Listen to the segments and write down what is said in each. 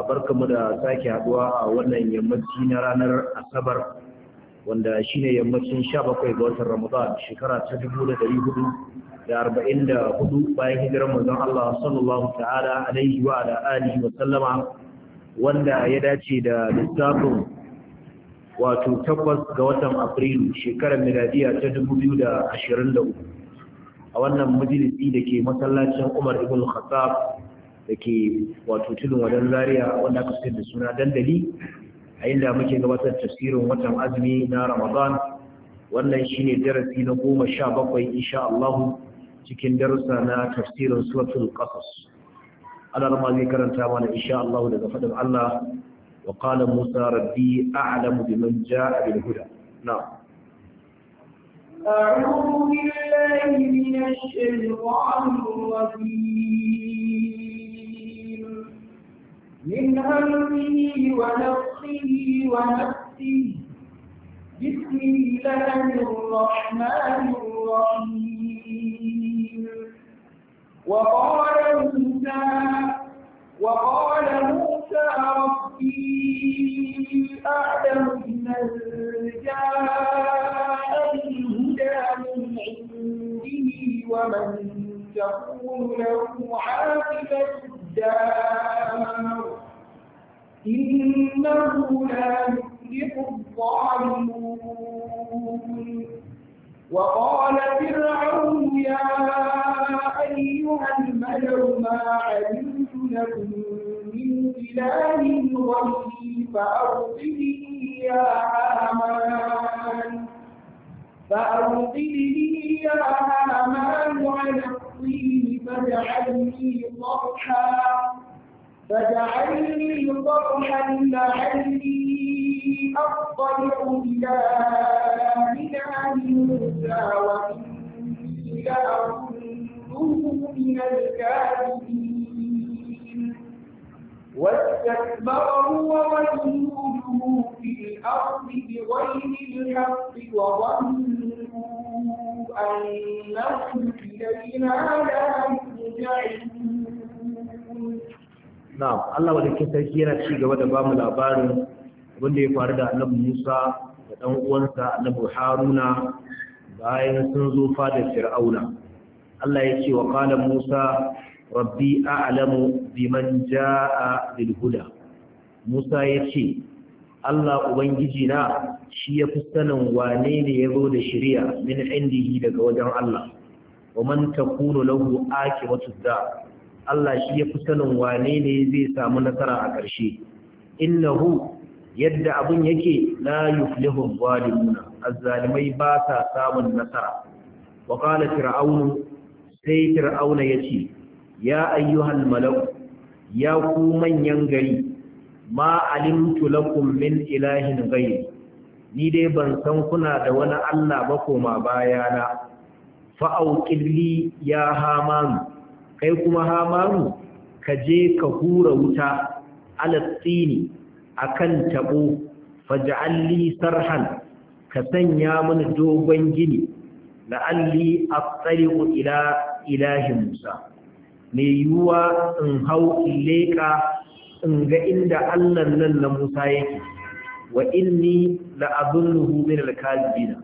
barkamu da sake haduwa a wannan yammaci na ranar asabar wanda shine yammacin 17 ga watan ramadan shekara ta 1444 bayan hijirar mazan Allah sallallahu ta'ala alaihi wa ala alihi wa sallama wanda ya dace da lissafin wato takwas ga watan afrilu shekarar miladiya ta 2023 a wannan majalisi da ke masallacin Umar ibn Khattab da ke wato tudun wadan zaria wanda aka fitar da suna dandali a inda muke gabatar tafsirin watan azumi na ramadan wannan shine darasi na goma sha bakwai insha Allahu cikin darussa na tafsirin suratul qasas ana rama zai karanta mana insha Allahu daga faɗin Allah wa qala Musa rabbi a'lamu biman ja'a bil huda na'am أعوذ بالله من الشيطان الرجيم من همه ونفسه ونفسه بسم الله الرحمن الرحيم وقال موسى وقال موسى ربي أعلم من جاء بالهدى من عنده ومن تكون له عاقبة الدار إنه لا يفلح الظالمون وقال فرعون يا أيها الملأ ما علمت لكم من إله غيري فأرسله يا هامان فأرسله يا هامان على الطين فاجعلني صرحا فاجعلني صرحا لعلي أطلع إلى إله موسى وإني لأظنه من الكاذبين واستكبر هو وجنوده في الأرض بغير الحق وظنوا أنهم إلينا لا يرجعون na'am Allah madaukakin sarki yana ci gaba da bamu labarin wanda ya faru da Annabi Musa da dan uwansa Annabi Haruna bayan sun zo fadar Fir'auna Allah ya ce wa qala Musa rabbi a'lamu biman jaa bil huda Musa ya Allah ubangiji na shi ya fi sanin wane ne ya zo da shari'a min indihi daga wajen Allah wa man takunu lahu aqibatu da Allah shi ya fi sanin wane ne zai samu nasara a ƙarshe innahu yadda abun yake la yuflihu zalimuna azzalimai ba sa samun nasara wa qala fir'aun sai fir'aun yace ya ayyuhal malak ya ku manyan gari ma alimtu lakum min ilahin ghayr ni dai ban san kuna da wani Allah ba koma na. fa ƙirli ya hamanu kai kuma hamaru ka je ka hura wuta alatsini kan taɓo faj'alli sarhan ka sanya mana dogon gini la'alli alli ila ilahi musa mai yiwuwa in hau leka in ga inda Allah nan na musa yake wa inni la'adunnuhu abin al-kazibina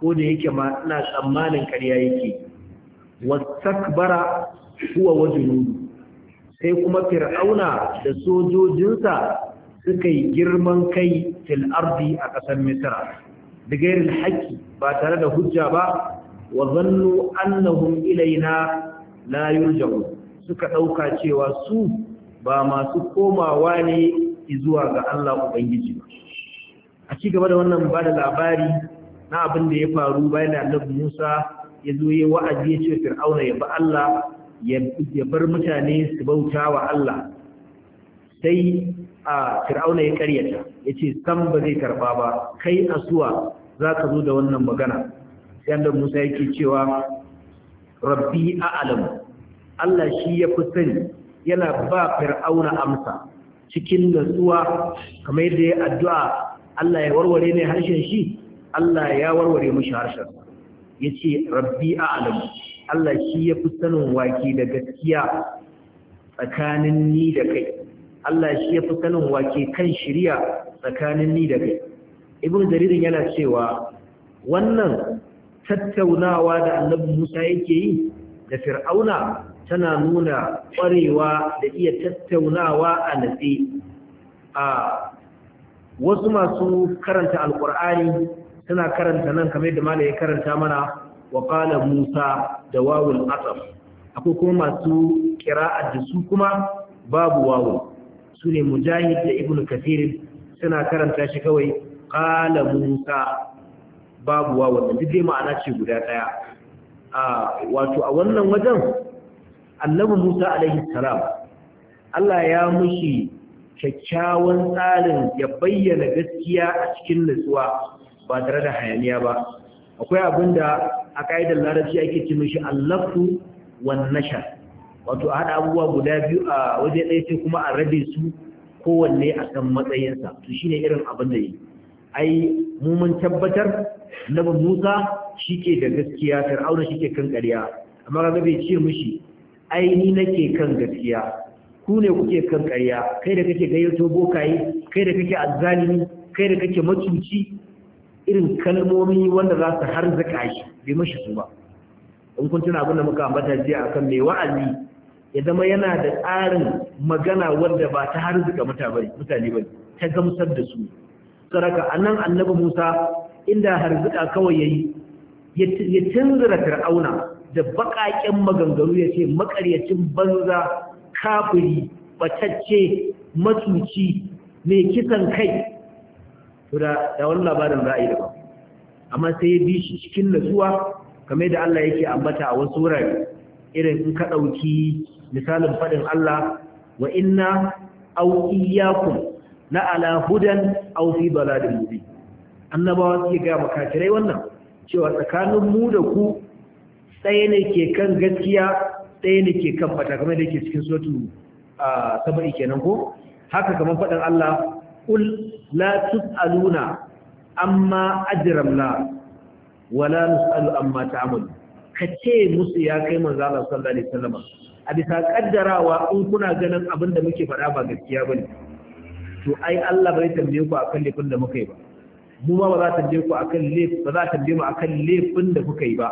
ko da yake ma ina tsammanin karya yake takbara. huwa wajunudu sai kuma fir'auna da sojojinsa suka yi girman kai fil ardi a ƙasar misra da gairin haƙƙi ba tare da hujja ba wa zannu annahum ilaina la yurja'u suka ɗauka cewa su ba masu komawa ne zuwa ga Allah Ubangiji ba a ci gaba da wannan ba da labari na abin da ya faru bayan da annabi Musa ya zo ya wa'azi ya ce Fir'auna ya bi Allah ya bar mutane su bauta wa Allah sai a fir'auna ya karyata ya ce san ba zai karba ba kai asuwa za ka zo da wannan magana sai annabi Musa yake cewa rabbi alamu Allah shi ya fi sani yana ba fir'auna amsa cikin natsuwa kamar yadda ya addu'a Allah ya warware ne harshen shi Allah ya warware mushi harshen ya ce rabbi a'lamu Allah shi ya fi sanin wake da gaskiya tsakanin ni da kai Allah shi ya fi sanin wake kan shirya tsakanin ni da kai ibn jaririn yana cewa wannan tattaunawa da annabi Musa yake yi da fir'auna tana nuna ƙwarewa da iya tattaunawa a natsi a wasu masu karanta alƙur'ani suna karanta nan kamar da malai ya karanta mana wa qala musa da wawul asaf akwai kuma masu qira'a da su kuma babu wawu su mujahid da ibnu kathir suna karanta shi kawai qala musa babu wawu duk dai ma'ana ce guda daya a wato a wannan wajen annabi musa alaihi salam Allah ya mushi kyakkyawan tsarin ya bayyana gaskiya a cikin nutsuwa ba tare da hayaniya ba akwai abin da a ka'idar larabci ake ce mishi allafu wan nashar wato a haɗa abubuwa guda biyu a waje ɗaya sai kuma a rabe su kowanne a kan matsayinsa to shine irin abin da yi ai mu mun tabbatar nabi Musa shike da gaskiya Fir'auna shike kan ƙarya amma ga bai ce mishi ai ni nake kan gaskiya ku ne kuke kan ƙarya kai da kake gayyato bokaye kai da kake azzalimi kai da kake macuci irin kalmomi wanda za su harzika shi bai mashi su ba in kun tuna abin da muka ambata jiya akan mai wa'azi ya zama yana da tsarin magana wanda ba ta harzika mutane ba ta gamsar da su saraka anan annabi Musa inda harzika kawai yayi ya tunzura fir'auna da baƙaƙen maganganu ya ce makaryacin banza kafiri batacce matuci mai kisan kai to da wani labarin za a yi daban amma sai ya bi shi cikin natsuwa, kame da Allah yake ambata a wasu wurare irin in ka ɗauki misalin faɗin Allah wa inna au iyyakum na ala hudan au fi baladin mubin annabawa suke gaya makafirai wannan cewa tsakanin mu da ku tsaye ne ke kan gaskiya tsaye ne ke kan fata kamar da ke cikin sotu a ah, saba'i kenan ko haka kamar faɗin Allah قل لا تسألون أما أجرمنا ولا نسأل أما تعمل kace musu ya kai manzo Allah sallallahu alaihi wasallam a bisa kaddarawa in kuna ganin abin da muke faɗa ba gaskiya bane to ai Allah bai tambaye ku akan laifin da muka yi ba mu ma ba za ta tambaye ku akan laifin ba za ta tambaye mu akan laifin da kuka yi ba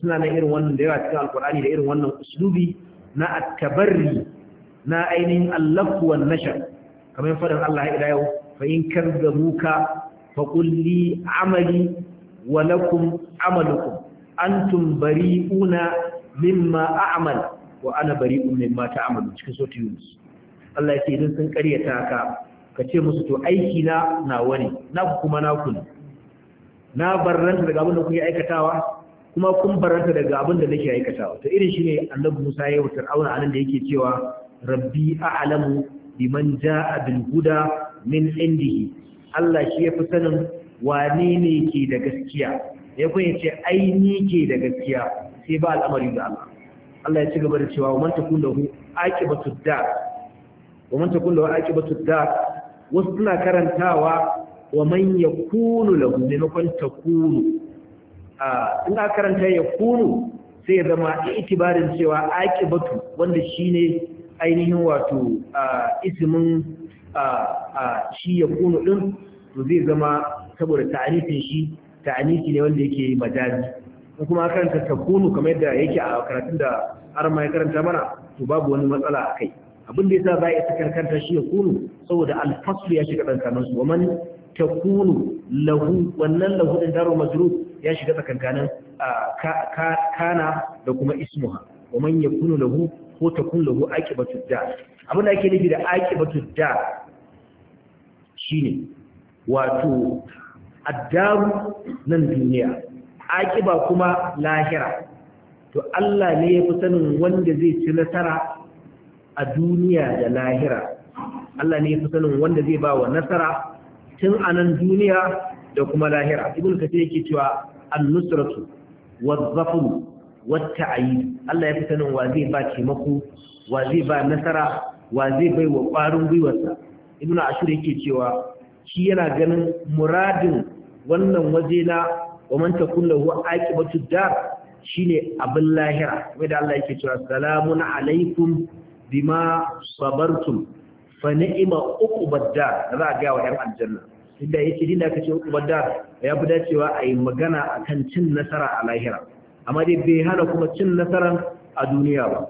suna nan irin wannan da yawa cikin alkur'ani da irin wannan uslubi na at-tabarri na ainihin allaf wan nashar kamar faɗin Allah ya yau fa in kazzabuka fa amali wa lakum amalukum antum bari'una mimma a'mal wa ana bari'un mimma ta'malu cikin sautu Yunus Allah ya ce idan sun ƙaryata ka ka ce musu to aiki na nawa ne na kuma na ku na barranta daga abin da kuke aikatawa kuma kun barranta daga abin da nake aikatawa to irin shi ne, Annabi Musa ya wutar auna anan da yake cewa rabbi a'lamu liman ja'a bil huda min indihi Allah shi ya fi sanin wane ne ke da gaskiya ya kun yace ai ni ke da gaskiya sai ba al'amari ga Allah Allah ya ci gaba da cewa man takun lahu aqibatu dar wa man takun lahu aqibatu dar wasu suna karantawa wa man yakunu lahu maimakon takunu a in aka karanta yakunu sai ya zama itibarin cewa aqibatu wanda shine ainihin wato ismin shi ya kunu din to zai zama saboda ta'anifin shi ta'anifi ne wanda yake majazi in kuma karanta takunu kamar yadda yake a karatun da arma ya karanta mana to babu wani matsala a kai abin da yasa za a isa karkanta shi ya kunu saboda alfasu ya shiga tsakanin su ta kunu lahu wannan lahu din daro majrur ya shiga tsakanin kana da kuma ismuha waman kunu lahu ko ta ko aqibatud da abin da ake nufi da aqibatud da shine wato addaru nan duniya aqiba kuma lahira to Allah ne ya fi sanin wanda zai ci nasara a duniya da lahira Allah ne ya fi sanin wanda zai ba wa nasara tun a nan duniya da kuma lahira ibn kace yake cewa an-nusratu wa zafru wata ayi Allah ya fi sanin wa zai ba taimako wa zai ba nasara wa zai bai wa ƙwarin gwiwarsa ibn ashur yake cewa shi yana ganin muradin wannan waje na wa man takun lahu aqibatu dar shine abin lahira da Allah yake cewa salamun alaikum bima sabartum fa ni'ma uqbad dar za ga wa yan aljanna inda yake dinda kace uku dar ya fi dacewa a yi magana akan cin nasara a lahira amma dai bai hana kuma cin nasarar a duniya ba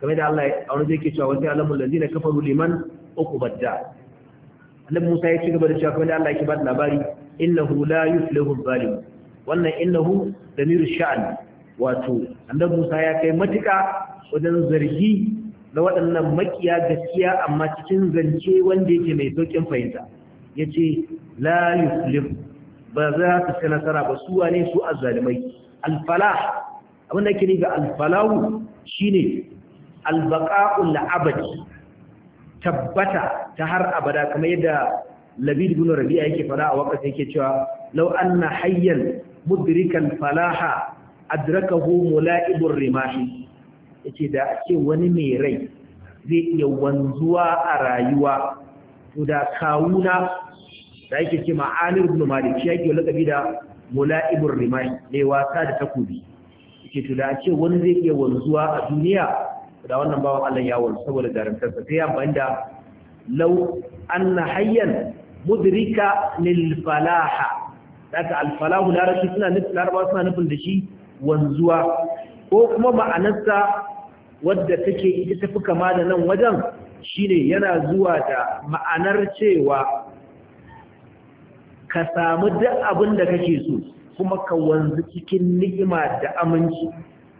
game da Allah a wani zai ke cewa wasu lalzi na kafaru liman uku badda annabi Musa ya ci gaba da cewa kamar da Allah yake ba da labari innahu la yuflihu zalim wannan innahu damiru sha'an wato annabi Musa ya kai matuka wajen zargi na waɗannan makiya gaskiya amma cikin zance wanda yake mai saukin fahimta yace la yuflihu ba za su ci nasara ba su wane su azzalimai alfalah abinda ake nufi alfalahu shine albaqa'ul abadi tabbata ta har abada kamar yadda labid ibn rabi'a yake fara a wakati yake cewa law anna hayyan mudrikan falaha adrakahu mula'ibur rimahi yace da ce wani mai rai zai iya wanzuwa a rayuwa to da kawuna da yake ce ma'anir ibn malik shi yake lakabi da mula'ibur rimai ne wasa da takobi yake to ce wani zai iya wanzuwa a duniya da wannan bawan Allah ya wanzu saboda garantarsa sai ya banda law anna hayyan mudrika lil falaha daga al falahu larabci suna nufin suna nufin da shi wanzuwa ko kuma ma'anarsa wadda take ita tafi kama da nan wajen shine yana zuwa da ma'anar cewa ka samu duk abin da kake so kuma ka wanzu cikin ni'ima da aminci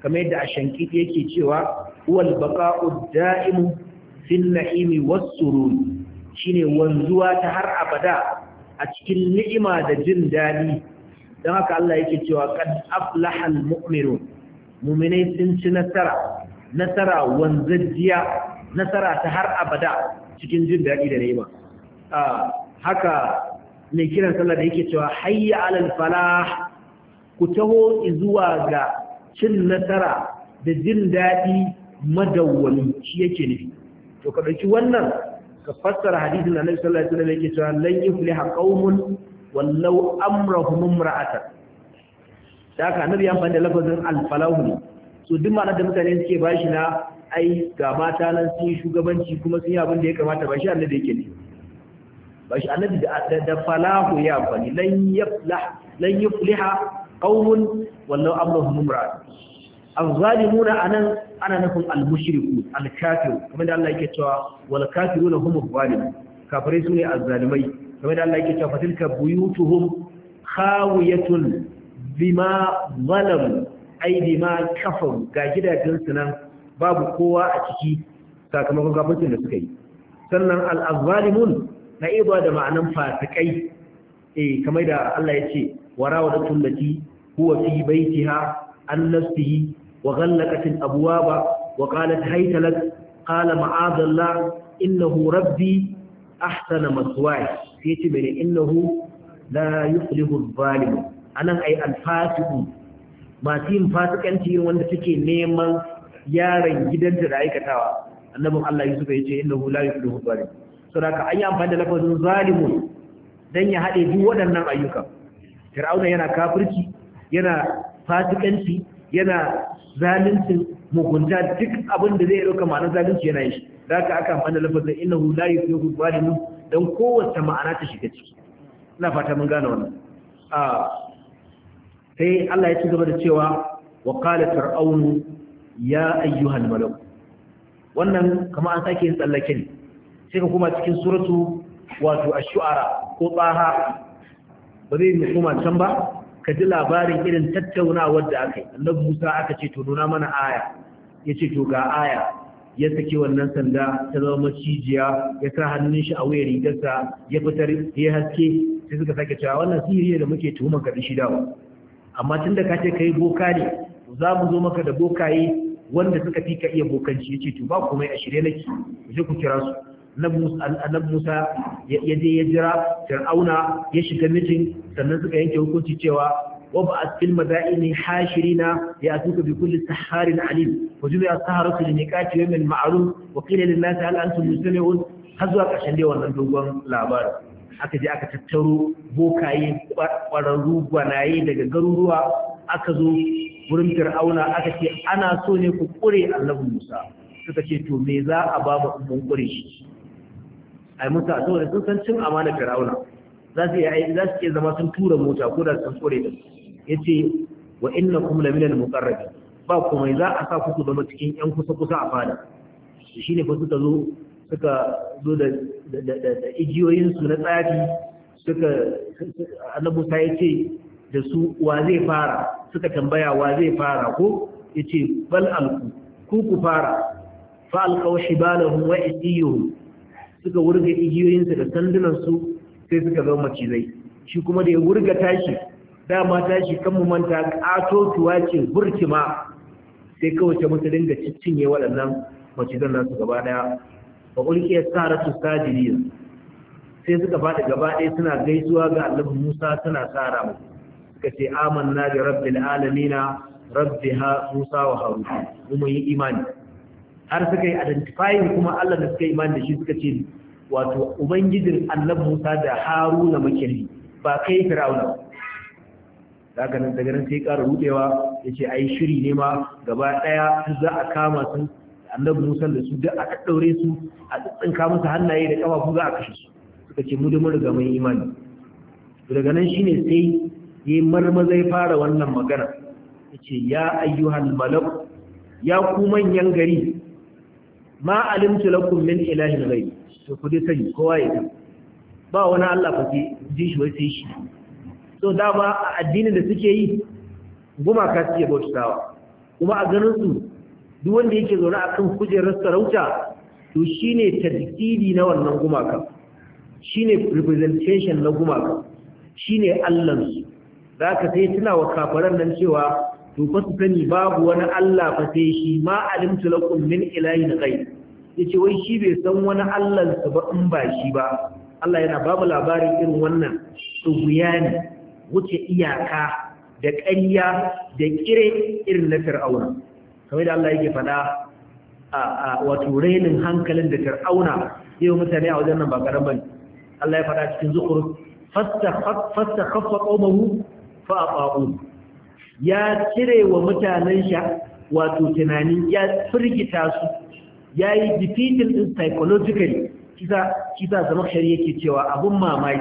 kamar yadda a shanki yake cewa wal baqa'u da'imu fil na'imi was sururi shine wanzuwa ta har abada a cikin ni'ima da jin dadi dan haka Allah yake cewa qad aflaha al mu'minun mu'minai sun ci nasara nasara wanzajjiya nasara ta har abada cikin jin dadi da ni'ima ah, haka mai kiran sallah da yake cewa hayya alal falah ku taho zuwa ga cin nasara da jin daɗi madawwami shi yake nufi to ka ɗauki wannan ka fassara hadisin annabi sallallahu alaihi wasallam yake cewa lan yufliha qaumun wallau amrahum imra'atan da haka annabi ya amfani da lafazin alfalahu ne so duk ma'anar da mutane suke bashi na ai ga mata nan sun shugabanci kuma sun yi abin da ya kamata ba shi annabi yake ne ba shi annabi da falahu ya amfani lan yaflah lan yufliha qaumun wallahu amruhum mumra az-zalimuna anan ana nufin al-mushrikun al-kafirun kamar da Allah yake cewa wal kafiruna hum az-zalimun kafirai sune al zalimai kamar da Allah yake cewa fatilka buyutuhum khawiyatun bima zalam, ai bima kafaru ga gidajensu nan babu kowa a ciki sakamakon gabatin da suka yi sannan al-zalimun na'iba da ma'anan fasikai eh kamar da Allah ya ce warawadatun lati huwa fi baitiha an nafsihi wa ghallaqat al-abwaba wa qalat hayta qala ma'adallah innahu rabbi ahsana maswaya sai ce mene innahu la yuflihu adh-dhalimun anan ay al-fasiqu masu yin fasikanci wanda suke neman yaron gidanta da aikatawa annabin Allah Yusuf ya ce innahu la yuflihu adh-dhalimun saboda an yi amfani da lafazin zalimun dan ya haɗe duk waɗannan ayyuka fir'auna yana kafirci yana fasikanci yana zalincin mugunta duk abin da zai ɗauka ma'anar zalunci yana yi da haka aka amfani da lafazin innahu la yufihu zalimu dan kowace ma'ana ta shiga ciki ina fata mun gane wannan sai Allah ya ci gaba da cewa wa qala fir'aunu ya ayyuhal malak wannan kamar an sake yin tsallake sai ka koma cikin suratu wato a shuara ko tsaha ba zai yi koma can ba ka ji labarin irin tattaunawar da aka yi annabi Musa aka ce to nuna mana aya yace to ga aya ya sake wannan sanda ta zama macijiya ya sa hannun shi a wayar rigarsa ya fitar ya haske sai suka sake cewa wannan sihiri da muke tuhumar ka dishi dawo amma tunda ka ce kai boka ne za mu zo maka da bokaye wanda suka fi ka iya bokanci yace to ba komai a shirye nake ku je ku kira su na Musa ya je ya jira Fir'auna ya shiga mijin sannan suka yanke hukunci cewa wa ba'at fil madaini hashirina ya atuka bi kulli saharin alim wa jumi'a saharatu li miqati yawmin ma'lum wa qila lin nasi hal antum muslimun har zuwa ƙarshen dai wannan dogon labarin aka je aka tattaro bokaye ƙwararru gwanaye daga garuruwa aka zo wurin fir'auna aka ce ana so ne ku ƙure annabi musa suka ce to me za a ba mu mun kure shi ai musu a saboda sun san cin amana fir'auna za su yi za su zama sun tura mota ko da sun tsore da yace wa innakum la minal muqarrabin ba komai za a sa ku zama cikin yan kusa kusa a fada shine fa suka zo suka zo da da na tsafi suka annabi Musa yace da su wa zai fara suka tambaya wa zai fara ko yace bal alku ku ku fara fa alqaw shibalahum wa isiyuhum suka wurga igiyoyinsa da sandunansu sai suka zo macizai shi kuma da ya wurga tashi dama tashi kan mu manta ƙatotuwa ce burkima sai kawai ta mutu dinga cinye waɗannan macizan nasu gaba ɗaya ba ƙulƙiyar su sajiriya sai suka faɗi gaba ɗaya suna gaisuwa ga annabi musa suna sara mu suka ce amanna bi rabbil alamina rabbi ha musa wa harun mu yi imani har suka yi identifying kuma Allah da suka imani da shi suka ce wato ubangijin Allah Musa da Haruna makirri ba kai Fir'auna daga nan daga nan sai ƙara rudewa yace ai shiri ne ma gaba daya za a kama su annabi Musa da su duk aka daure su a ka musu hannaye da kafafu za a kashe su suka ce mu da mun riga mun imani daga nan shine sai yayi marma zai fara wannan magana yace ya ayyuhal malak ya ku manyan gari ma alimtu lakum min ilahin ghayri to ku dai sani kowa yake ba wani Allah ku ji shi wai shi so da a addinin da suke yi gumaka suke bautawa kuma a ganin su duk wanda yake zaune akan kujerar sarauta to shine tadidi na wannan gumaka shine representation na gumaka shine Allah su zaka sai tuna wa kafaran nan cewa to fa su sani babu wani Allah fa sai shi ma alimtu lakum min ilahin ghayr ya ce wai shi bai san wani allansa ba in ba shi ba Allah yana babu labarin irin wannan tsuguya ne wuce iyaka da ƙarya da ƙire irin na fir'auna kamar da Allah yake faɗa a wato rainin hankalin da fir'auna yi mutane a wajen nan ba karan Allah ya faɗa cikin zukur fasta kafa qawmuhu fa aqamu ya cire wa mutanen sha wato tunani ya firgita su ya yi defeating din psychologically kisa kisa shari yake cewa abun mamaki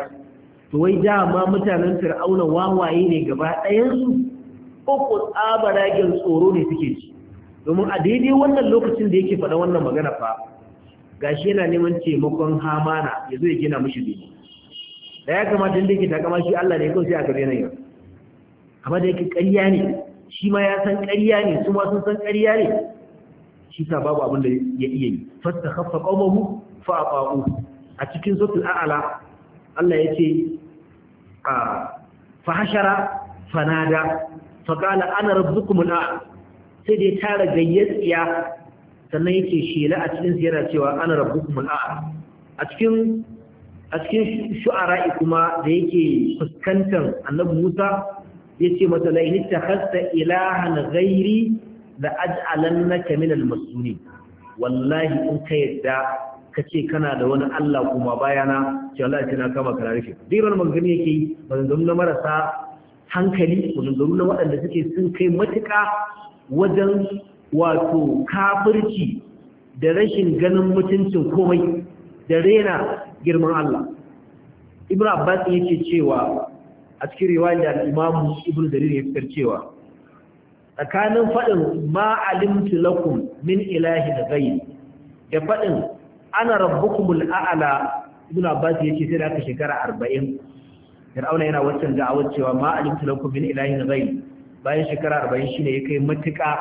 to wai dama mutanen fir'auna wawaye ne gaba ɗayansu uku tsabaragen tsoro ne suke ci domin a daidai wannan lokacin da yake faɗa wannan magana fa gashi yana neman taimakon hamana ya zo ya gina mishi bene da ya kamata inda yake takama shi Allah ne kawai sai a gare na yau amma da yake ƙarya ne shi ma ya san ƙarya ne su ma sun san ƙarya ne shi sa babu abin da ya iya yi fasta haffa qawmuhu fa a aqa'u a cikin suratul a'la Allah yace a ah, fa hashara fanada fa qala ana rabbukum al'a sai da ya tara gayyatsiya sannan yake shela a cikin yana cewa ana rabbukum al'a a cikin a cikin shu'ara'i kuma da yake fuskantar annabi Musa yace mata la in takhasta ilahan ghairi da aj'alan na kamilal masuni wallahi in ka yadda kace kana da wani Allah kuma bayana ce Allah ya na kama kana rufe diran maganganu yake yi maganganu na marasa hankali maganganu na waɗanda suke sun kai matuƙa wajen wato kafirci da rashin ganin mutuncin komai da rena girman Allah Ibn Abbas yake cewa a cikin riwayar da Imam Ibn Jarir ya fitar cewa tsakanin faɗin ma alimtu lakum min ilahi da zai, da faɗin ana rabbukumul a'ala ibn abbas yace sai da aka shekara 40 fir'auna yana wancan da'awar cewa ma alimtu lakum min ilahi da zai, bayan shekara 40 shine ya kai matuƙa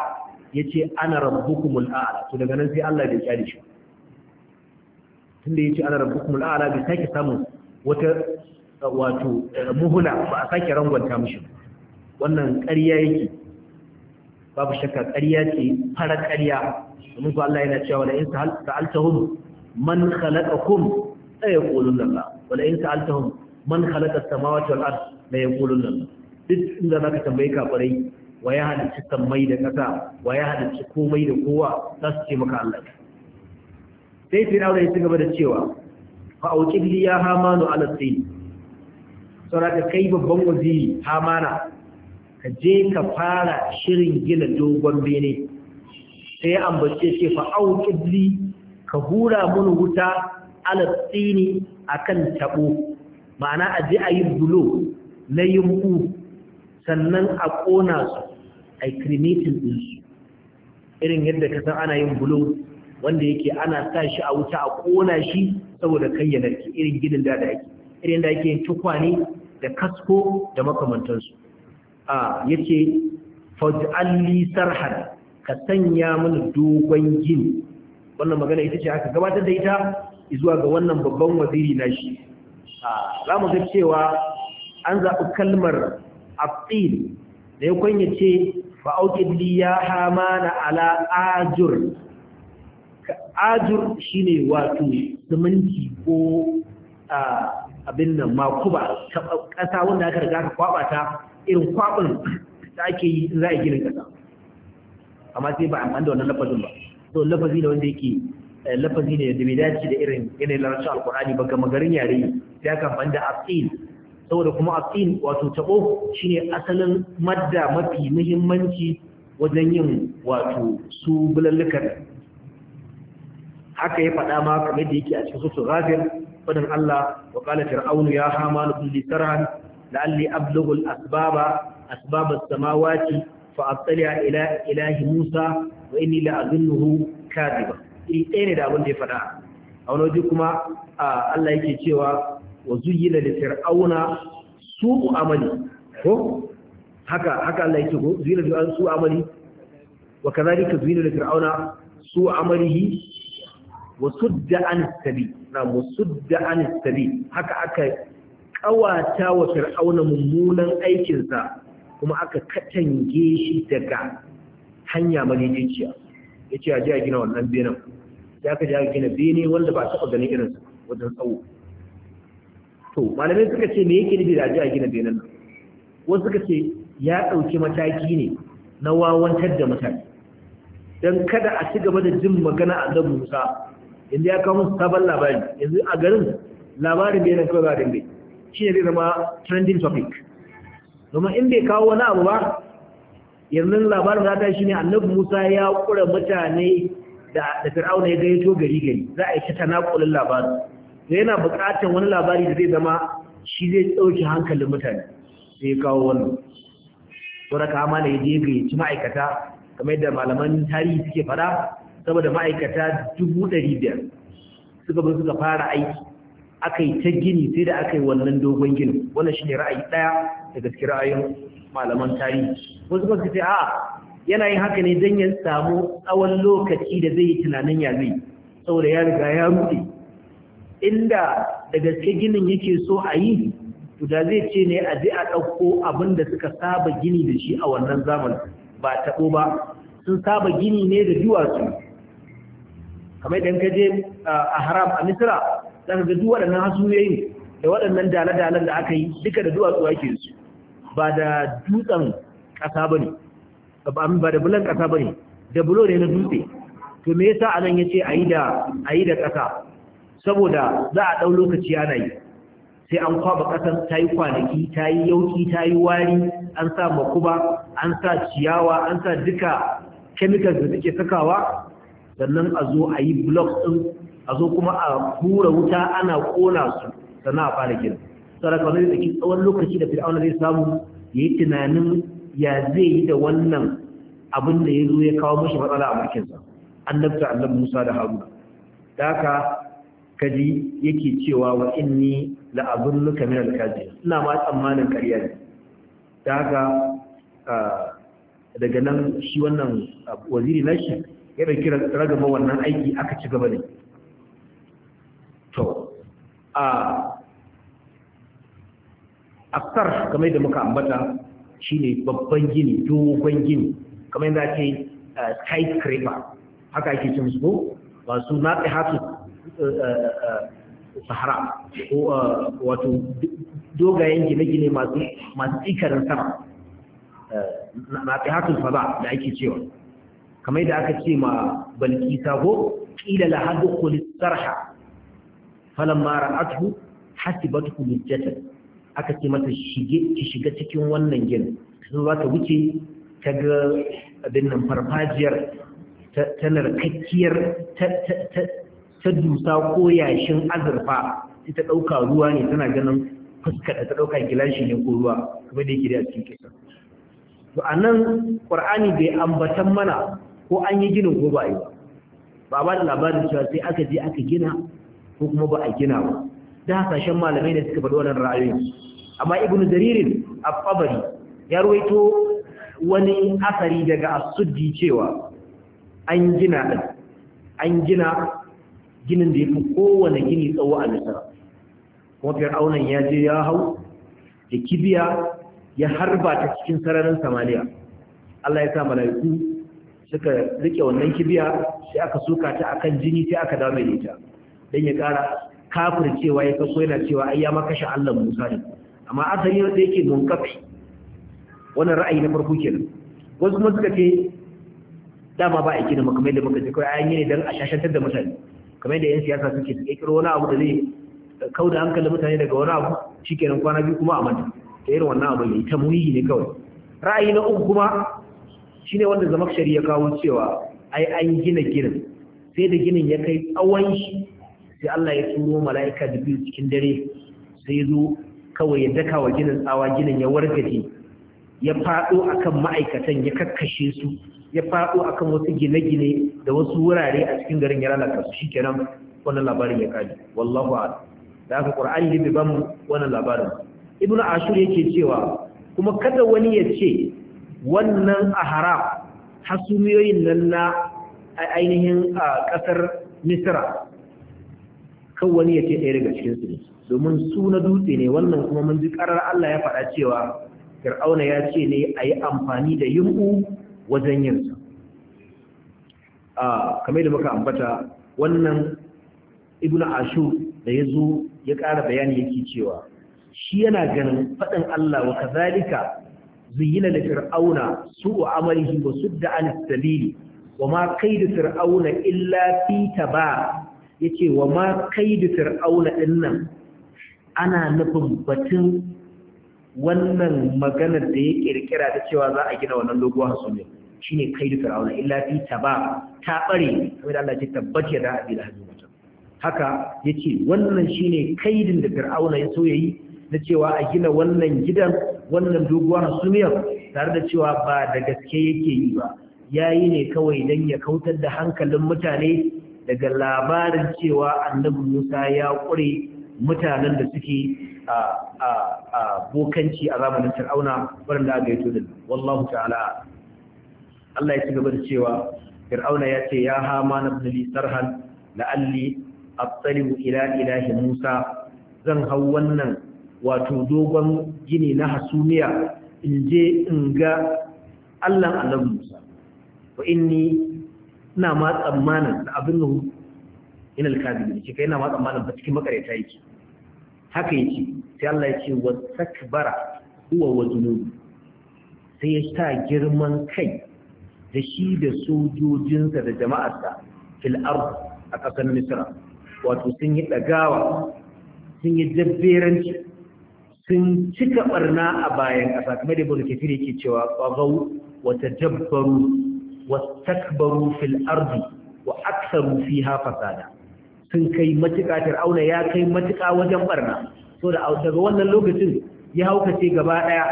yace ana rabbukumul a'ala to daga nan sai Allah ya tsare shi tunda yace ana rabbukumul a'ala bai sake samun wata wato muhula ba a sake rangwanta mishi wannan ƙarya yake babu shakka ƙarya ce fara ƙarya domin ko Allah yana cewa wala in sa'altahum man khalaqakum la yaqulun Allah wala in sa'altahum man khalaqa as-samawati wal ard la yaqulun Allah duk inda zaka tambaye kafirai wa ya halicci sammai da ƙasa wa ya halicci komai da kowa za su ce maka Allah sai firawun ya ci gaba da cewa fa auqib li ya hamanu ala sayyid saboda kai babban waziri hamana ka je ka fara shirin gina dogon bene sai ambace ce fa au ka hura mun wuta ala tsini kan taɓo, ma'ana a je a yi bulo na yumbu sannan a ƙona su a cremating din su irin yadda ka san ana yin bulo wanda yake ana sa shi a wuta a ƙona shi saboda kan irin ginin da da yake irin da yake tukwane da kasko da makamantansu a yace faj'alli sarhan ka sanya mini dogon gini wannan magana ita ce aka gabatar da ita zuwa ga wannan babban waziri nashi za mu ga cewa an zaɓi kalmar abdil da ya kwanya ce fa'auƙin Hama hamana ala ajur ajur shine wato siminti ko abin nan makuba ƙasa wanda aka riga ka kwaɓata irin kwaɓin da ake yi za a ginin ƙasa amma sai ba amfani da wannan lafazin ba so lafazi ne wanda yake eh, lafazi ne da bai da irin yanayin larabci alkur'ani ba gama garin yare ya kan banda asin saboda kuma asin wato taɓo shine asalin madda mafi muhimmanci wajen yin wato su bulallukan haka ya faɗa ma kamar da yake a cikin sosu ghafir fadin Allah wa qala fir'aunu ya hamanu kulli sarhan la'alli ablughul asbaba asbab as-samawati fa attali'a ila ilahi Musa wa inni la ne da abin da ya faɗa a wani kuma Allah yake cewa wa zuyyina li fir'auna su'u amali ko haka haka Allah yake ko zuyyina li su'u amali wa kadhalika zuyyina sabi na sabi haka aka ƙawata wa fir'auna mummunan aikinsa kuma aka katange shi daga hanya madidiciya ya ce a ji a gina wannan benin ya ka ji a gina bene wanda ba taɓa ganin irinsa wajen tsawo to malamai suka ce me yake nufi da a ji a gina benin nan wasu suka ce ya ɗauki mataki ne na wawantar da mutane don kada a ci gaba da jin magana a zan musa yanzu ya kawo musu sabon labari yanzu a garin labarin benin kawai ba dingai shi ne zai zama trending topic domin in bai kawo wani abu ba yanzu labarin ta shi ne annabi musa ya kura mutane da fir'auna ya gayyato gari gari za a yi ta tanakulin labarin da yana buƙatar wani labari da zai zama shi zai ɗauki hankalin mutane sai ya kawo wannan saboda kama ne ya gayyaci ma'aikata kamar yadda malaman tarihi suke faɗa saboda ma'aikata dubu ɗari biyar suka bi suka fara aiki aka ta gini sai da aka yi wannan dogon gini wannan shi ne ra'ayi ɗaya da cikin ra'ayin malaman tarihi wasu kuma suka a yana yin haka ne don ya samu tsawon lokaci da zai yi tunanin ya zai saboda ya riga ya rufe inda da gaske ginin yake so a yi da zai ce ne a je a ɗauko abin da suka saba gini da shi a wannan zamani ba taɓo ba sun saba gini ne da duwatsu kamar idan ka je a haram a misira za ka ga duk waɗannan hasuyoyin da waɗannan dale da aka yi duka da duwatsu ake su ba da dutsen ƙasa ba ne ba da bulan ƙasa ba da bulo ne na dutse to me yasa anan ya ce a yi da ƙasa saboda za a ɗau lokaci ana yi sai an kwaba ƙasar ta yi kwanaki ta yi yauki ta yi wari an sa makuba an sa ciyawa an sa duka chemicals da suke sakawa sannan a zo a yi blocks ɗin a zo kuma a hura wuta ana kona su sannan a fara gina sarrafa zai tsaki tsawon lokaci da fir'auna zai samu ya yi tunanin ya zai yi da wannan abin da ya zo ya kawo mashi matsala a mulkinsa annabta annabi musa da haruna da haka kaji yake cewa wa inni la azunnuka min al-kadhib ina ma tsammanin ƙarya ne da haka daga nan shi wannan waziri nashi ya dauki ragama wannan aiki aka ci gaba ne a asar kamar da muka ambata shine babban gini dogon gini kamar yadda ake eh, creeper haka ake cin su ba su na hatu eh, eh, sahara ko wato dogayen gine-gine masu ikarin sama na hatu fada da ake cewa kamar da aka ce ma balki ko ƙila lahadu kulis sarha falamma ra'atuhu hasibatuhu lujjatan aka ce mata shige ki shiga cikin wannan ginin Kuma za ta wuce ta ga abin nan farfajiyar ta narkakkiyar ta dusa ko yashin azurfa ita ɗauka ruwa ne tana ganin fuskar ta ɗauka gilashi ne ko ruwa kuma da yake da cikin kisa to a nan bai ambatan mana ko an yi ginin ko ba yi ba ba ba da labarin cewa sai aka je aka gina ko kuma ba a gina ba da hasashen malamai da suka faɗi wannan ra'ayoyin amma ibnu jaririn al tabari ya ruwaito wani asari daga as-suddi cewa an gina din an gina ginin da yake kowane gini tsawo a misra kuma fir'aunan ya je ya hau da kibiya ya harba ta cikin sararin samaniya Allah ya sa mala'iku suka rike wannan kibiya sai aka soka ta akan jini sai aka dawo mai ita dan ya kara kafir cewa ya kaso yana cewa ai ya ma kashe Allah Musa ne amma asali da yake munkafi wannan ra'ayi na farko kenan wasu kuma suka ce dama ba aiki da makamai da muka ce kawai ayan yi ne don a shashantar da mutane kamar da 'yan siyasa suke su ƙirƙiro wani abu da zai kau da hankali mutane daga wani abu shi kenan kwana biyu kuma a manta da irin wannan abu mai ta muhihi ne kawai ra'ayi na uku kuma shi ne wanda zamak shari'a kawo cewa ai an gina ginin sai da ginin ya kai tsawon shi sai Allah ya turo mala'ika da biyu cikin dare sai zo kawai ya daka wa ginin tsawa ginin ya wargaje ya faɗo akan ma'aikatan ya kakkashe su ya faɗo akan wasu gine-gine da wasu wurare a cikin garin ya lalata su shikenan wannan labarin ya kaji wallahu a'lam da aka qur'ani ne bai bamu wannan labarin Ibn ashur yake cewa kuma kada wani ya ce wannan ahram hasumiyoyin nan na ainihin ƙasar misra kan wani ya ce ɗaya daga cikinsu ne domin su na dutse ne wannan kuma mun ji ƙarar Allah ya faɗa cewa fir'auna ya ce ne a yi amfani da yunu wajen yinsa a kamar da muka ambata wannan Ibn ashur da ya zo ya ƙara bayani yake cewa shi yana ganin faɗin Allah wa kazalika zuyina da fir'auna su'u amalihi wa sudda an dalili wa ma da fir'auna illa fi ba. yace wa ma kaidu fir'auna dinnan ana nufin batun wannan maganar da ya kirkira da cewa za a gina wannan doguwar ne shine kaidu fir'auna illa fi taba ta bare kamar Allah ya tabbace da abi da mutum. haka yace wannan shine kaidin da fir'auna ya so yayi na cewa a gina wannan gidan wannan doguwar hasumiyar tare da cewa ba da gaske yake yi ba yayi ne kawai dan ya kautar da hankalin mutane daga labarin cewa annabi Musa ya ƙure mutanen da suke a bokanci a zamanin Fir'auna waɗanda aka yi tudun wallahu ta'ala Allah ya ci gaba da cewa Fir'auna ya ce ya hama na bulli sarhan la'alli abtaliu ila ilahi Musa zan hau wannan wato dogon gini na hasumiya in je in ga Allah annabi Musa wa inni ina ma tsammanin da abin nuhu ina alkazi ne ke kai ina ma tsammanin ba cikin makareta yake haka yake sai Allah ya ce wa takbara huwa wa zunubi sai ya sa girman kai da shi da sojojinsa da jama'arsa fil ard a ƙasar misra wato sun yi ɗagawa sun yi jabberanci sun cika barna a bayan ƙasa kamar da ibn kathir yake cewa qagaw wa tadabbaru wastakbaru fil ardi wa aktharu fiha fasada sun kai matuƙa auna ya kai matuƙa wajen barna so da daga wannan lokacin ya haukace gaba daya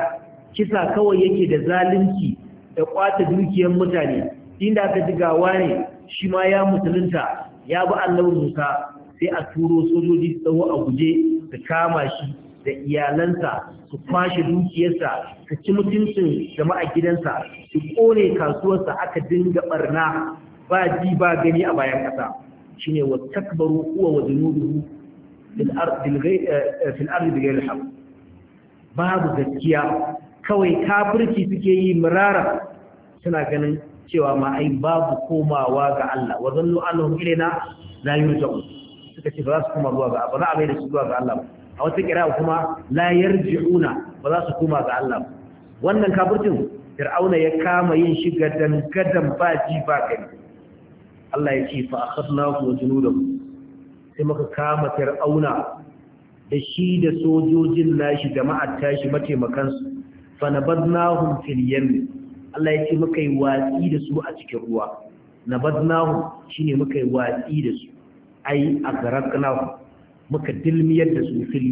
kisa kawai yake da zalunci da kwata dukiyar mutane inda aka ji gawa ne shi ma ya musulunta ya bi annabi Musa sai a turo sojoji tsawo a guje su kama shi da iyalansa su kwashe dukiyarsa su ci mutuncin jama'a gidansa su kone kasuwarsa aka dinga barna ba ji ba gani a bayan ƙasa shine wa takbaru huwa wa junuduhu fil ardi eh, eh, fil ardi babu gaskiya kawai kafirci suke yi murara suna ganin cewa ma ai babu komawa ga Allah wa zannu annahum ilaina la yurja'un suka ce ba za su koma zuwa ga ba za a mai da su zuwa ga Allah ba a wata kira kuma la yarji'una ba za su koma ga Allah wannan kafircin fir'auna ya kama yin shiga dangadan ba ji ba kai Allah ya ce fa akhadnahu wa junudahu sai muka kama fir'auna da shi da sojojin nashi jama'ar tashi mataimakansu fa nabadnahum fil yamm Allah ya ce muka yi watsi da su a cikin ruwa nabadnahum shine muka yi watsi da su ai agraknahum muka dilmiyar da su fil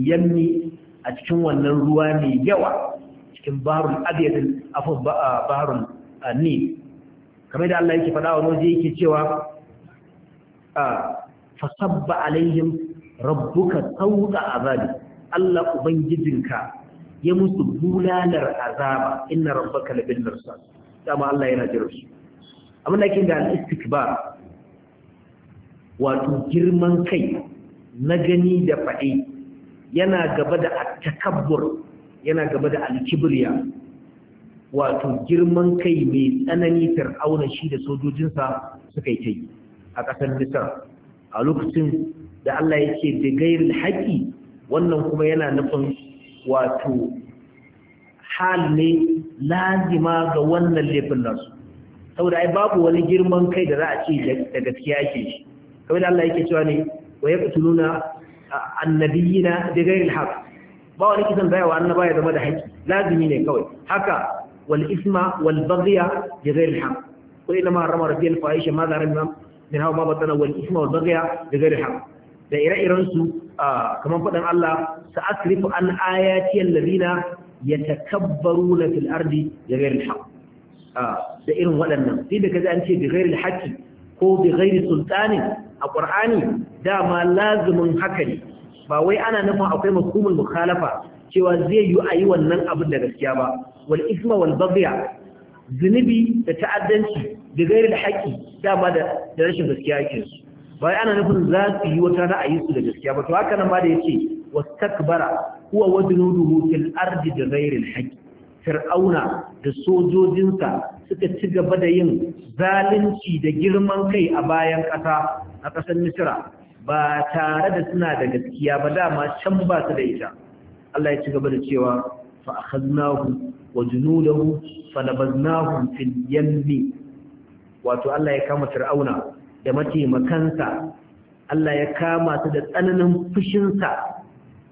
a cikin wannan ruwa mai yawa cikin baharul abyadin afan baharul ni kamar da Allah yake faɗa wa waje yake cewa fasabba alaihim rabbuka sauka azabi Allah ubangijinka ya musu bulalar azaba inna rabbaka labil mursal dama Allah yana jira su abin da yake da al-istikbar wato girman kai na gani da faɗi yana gaba da takabbur yana gaba da alkibriya wato girman kai mai tsanani fir'auna shi da sojojinsa suka yi ta yi a ƙasar misar a lokacin da Allah ya ce da gairin haƙi wannan kuma yana nufin wato hal ne lazima ga wannan laifin nasu saboda ai babu wani girman kai da za a ce da gaskiya ke shi kawai da Allah yake cewa ne wa yaqtuluna annabiyina bi ghairi al ba wani kisan da yawa annaba ya zama da haƙi lazimi ne kawai haka wal isma wal baghiya bi ghairi al-haqq wa inna ma harrama rabbi al da ire-iren su kamar fadan Allah sa'asrifu an ayati allazina ya fil ardi bi ghairi al-haqq da irin waɗannan sai da kaji an ce bi ghairi al ko bi ghairi sultanin a ƙur'ani dama lazumin haka ne ba wai ana nufin akwai makumin mukhalafa cewa zai yi a yi wannan abin da gaskiya ba wal isma wal bagya zunubi da ta'addanci da gairi da haƙi dama da rashin gaskiya yake su ba ana nufin za su yi wata ra'ayi su da gaskiya ba to haka nan ma da yace wastakbara huwa wajnuduhu fil ardi da ghairi al haqqi fir'auna da sojojinsa suka ci gaba da yin zalunci da girman kai a bayan ƙasa a ƙasar misira ba tare da suna da gaskiya ba dama can ba su da ita Allah ya ci gaba da cewa fa akhadnahu wa junudahu fa nabaznahum fil yammi wato Allah ya kama fir'auna da mataimakansa Allah ya kama su da tsananin fushinsa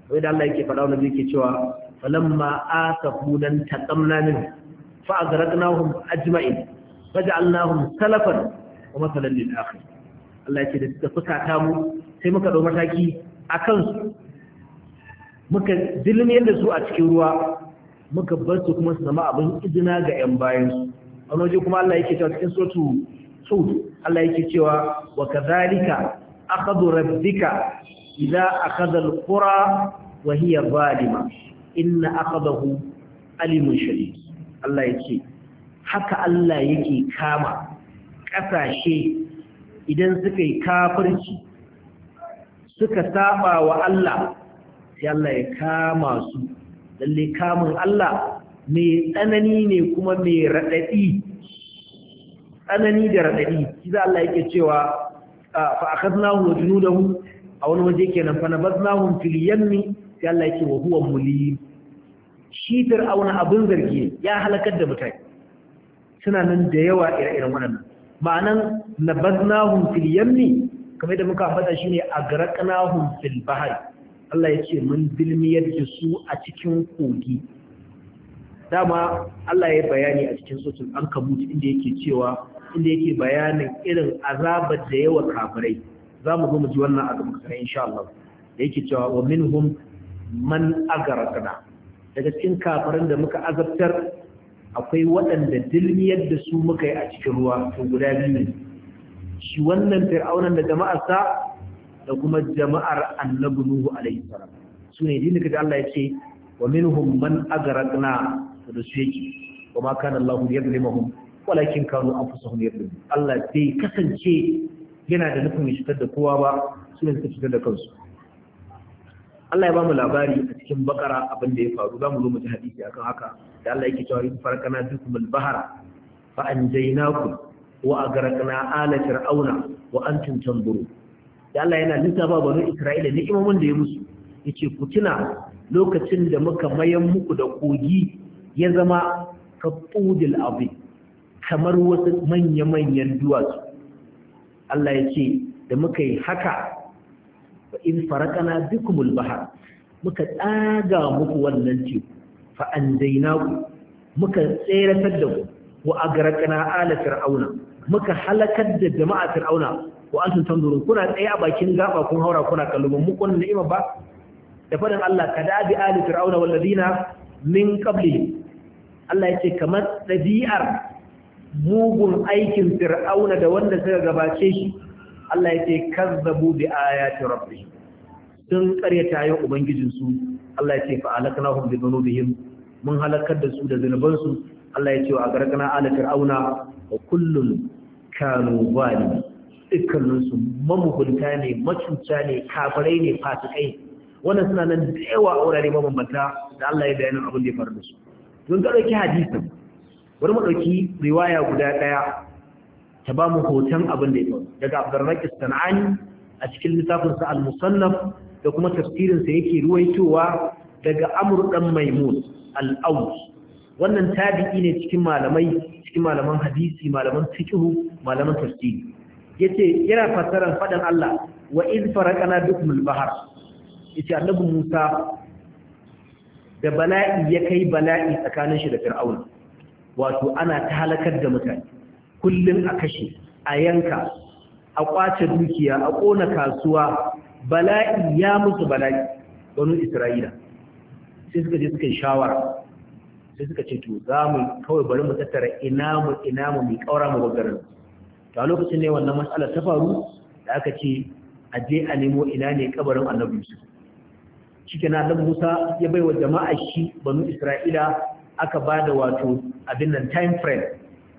sai da Allah yake faɗa wannan yake cewa falamma asafunan taqamna min fa aghraqnahum ajma'in faj'alnahum salafan wa masalan lil akhirin Allah ya ce da suka ta mu sai muka ɗau mataki a kansu muka dilmiyar yadda su a cikin ruwa muka bar su kuma su zama abin izina ga 'yan bayansu wani waje kuma Allah yake cewa cikin suratu hud Allah yake cewa wa kadhalika akhadhu rabbika idza akhadha alqura wa hiya zalima inna akhadahu alimun shadid Allah yake haka Allah yake kama ƙasashe. idan suka yi kafirci suka saba wa Allah sai Allah ya kama su lalle kamun Allah mai tsanani ne kuma mai raɗaɗi tsanani da raɗaɗi shi za Allah yake cewa fa akhadnahu wa junudahu a wani waje kenan fa nabaznahum fil yammi sai Allah yake wa huwa mulim shi fir'auna abin zargi ya halakar da mutane suna nan da yawa ire-iren wannan ma'anan nabaznahum fil yammi kamar da muka ambata shine agraqnahum fil bahr Allah ya mun dilmiyar da su a cikin kogi dama Allah ya bayani a cikin an ankabut inda yake cewa inda yake bayanin irin azabar da yawa kafirai za mu zo mu ji wannan a gaba insha Allah da yake cewa wa minhum man agarqna daga cikin kafirin da muka azabtar akwai waɗanda dilmiyar da su muka yi a cikin ruwa to guda biyu shi wannan fir'aunan da jama'arsa da kuma jama'ar annabi nuhu alaihi salam su ne din da Allah ya ce wa minhum man agraqna da su yake wa ma kana Allah yadlimuhum walakin kanu anfusahum yadlimun Allah bai kasance yana da nufin ya shigar da kowa ba su ne suka fitar da kansu Allah ya ba mu labari a cikin bakara abin da ya faru za mu zo mu ji hadisi akan haka da Allah yake cewa in farkana bikum al-bahara fa anjaynakum wa agraqna ala fir'auna wa antum tanzurun da Allah yana lissafa banu Isra'ila ni'imomin da ya musu yace ku tuna lokacin da muka mayan muku da kogi ya zama kabudil abi kamar wasu manya-manyan duwatsu Allah ya ce da muka yi haka in farakana bikumul bahar muka tsaga muku wannan teku fa ku. muka tseratar da ku wa agrakana ala fir'auna muka halakar da jama'a fir'auna an antum tanzurun kuna tsaye a bakin gaba kun haura kuna kallon mu kun ni'ima ba da fadin Allah kada bi ali fir'auna wal ladina min qablihi Allah yace kamar dabi'ar mugun aikin fir'auna da wanda suka gabace shi Allah yace kazzabu bi ayati rabbihim sun karyata yau ubangijinsu Allah ya ce fa alaknahum bi dhunubihim mun halakar da su da zunubansu Allah ya ce wa gargana ala fir'auna wa kullun kanu zalimi dukkanin su mamugunta ne macuta ne kafirai ne fasikai wannan suna nan da yawa a wurare mabambanta da Allah ya bayyana abin da ya faru da su don ka dauki hadisin bari mu dauki riwaya guda daya ta ba mu hoton abin da ya faru daga Abdurrahman Sanani a cikin littafin sa Al-Musannaf da kuma tafsirinsa yake ruwaitowa daga amur ɗan maimun al'aus wannan tabi'i ne cikin malamai cikin malaman hadisi malaman fiqhu malaman tafsiri yace yana fassaran fadan Allah wa in faraqana bikum al-bahr yace annabi Musa da bala'i ya kai bala'i tsakanin shi da Fir'auna wato ana ta halakar da mutane kullun a kashe a yanka a kwace dukiya a kona kasuwa bala'i ya musu bala'i wani isra'ila sai suka je suka yi shawara sai suka ce to za mu kawai bari mu tattara ina mu ina mu mai kaura mu bagarin to a lokacin ne wannan matsalar ta faru da aka ce a je a nemo ina ne kabarin annabi yusuf na annabi musa ya baiwa jama'a shi banu isra'ila aka ba da wato abin nan time frame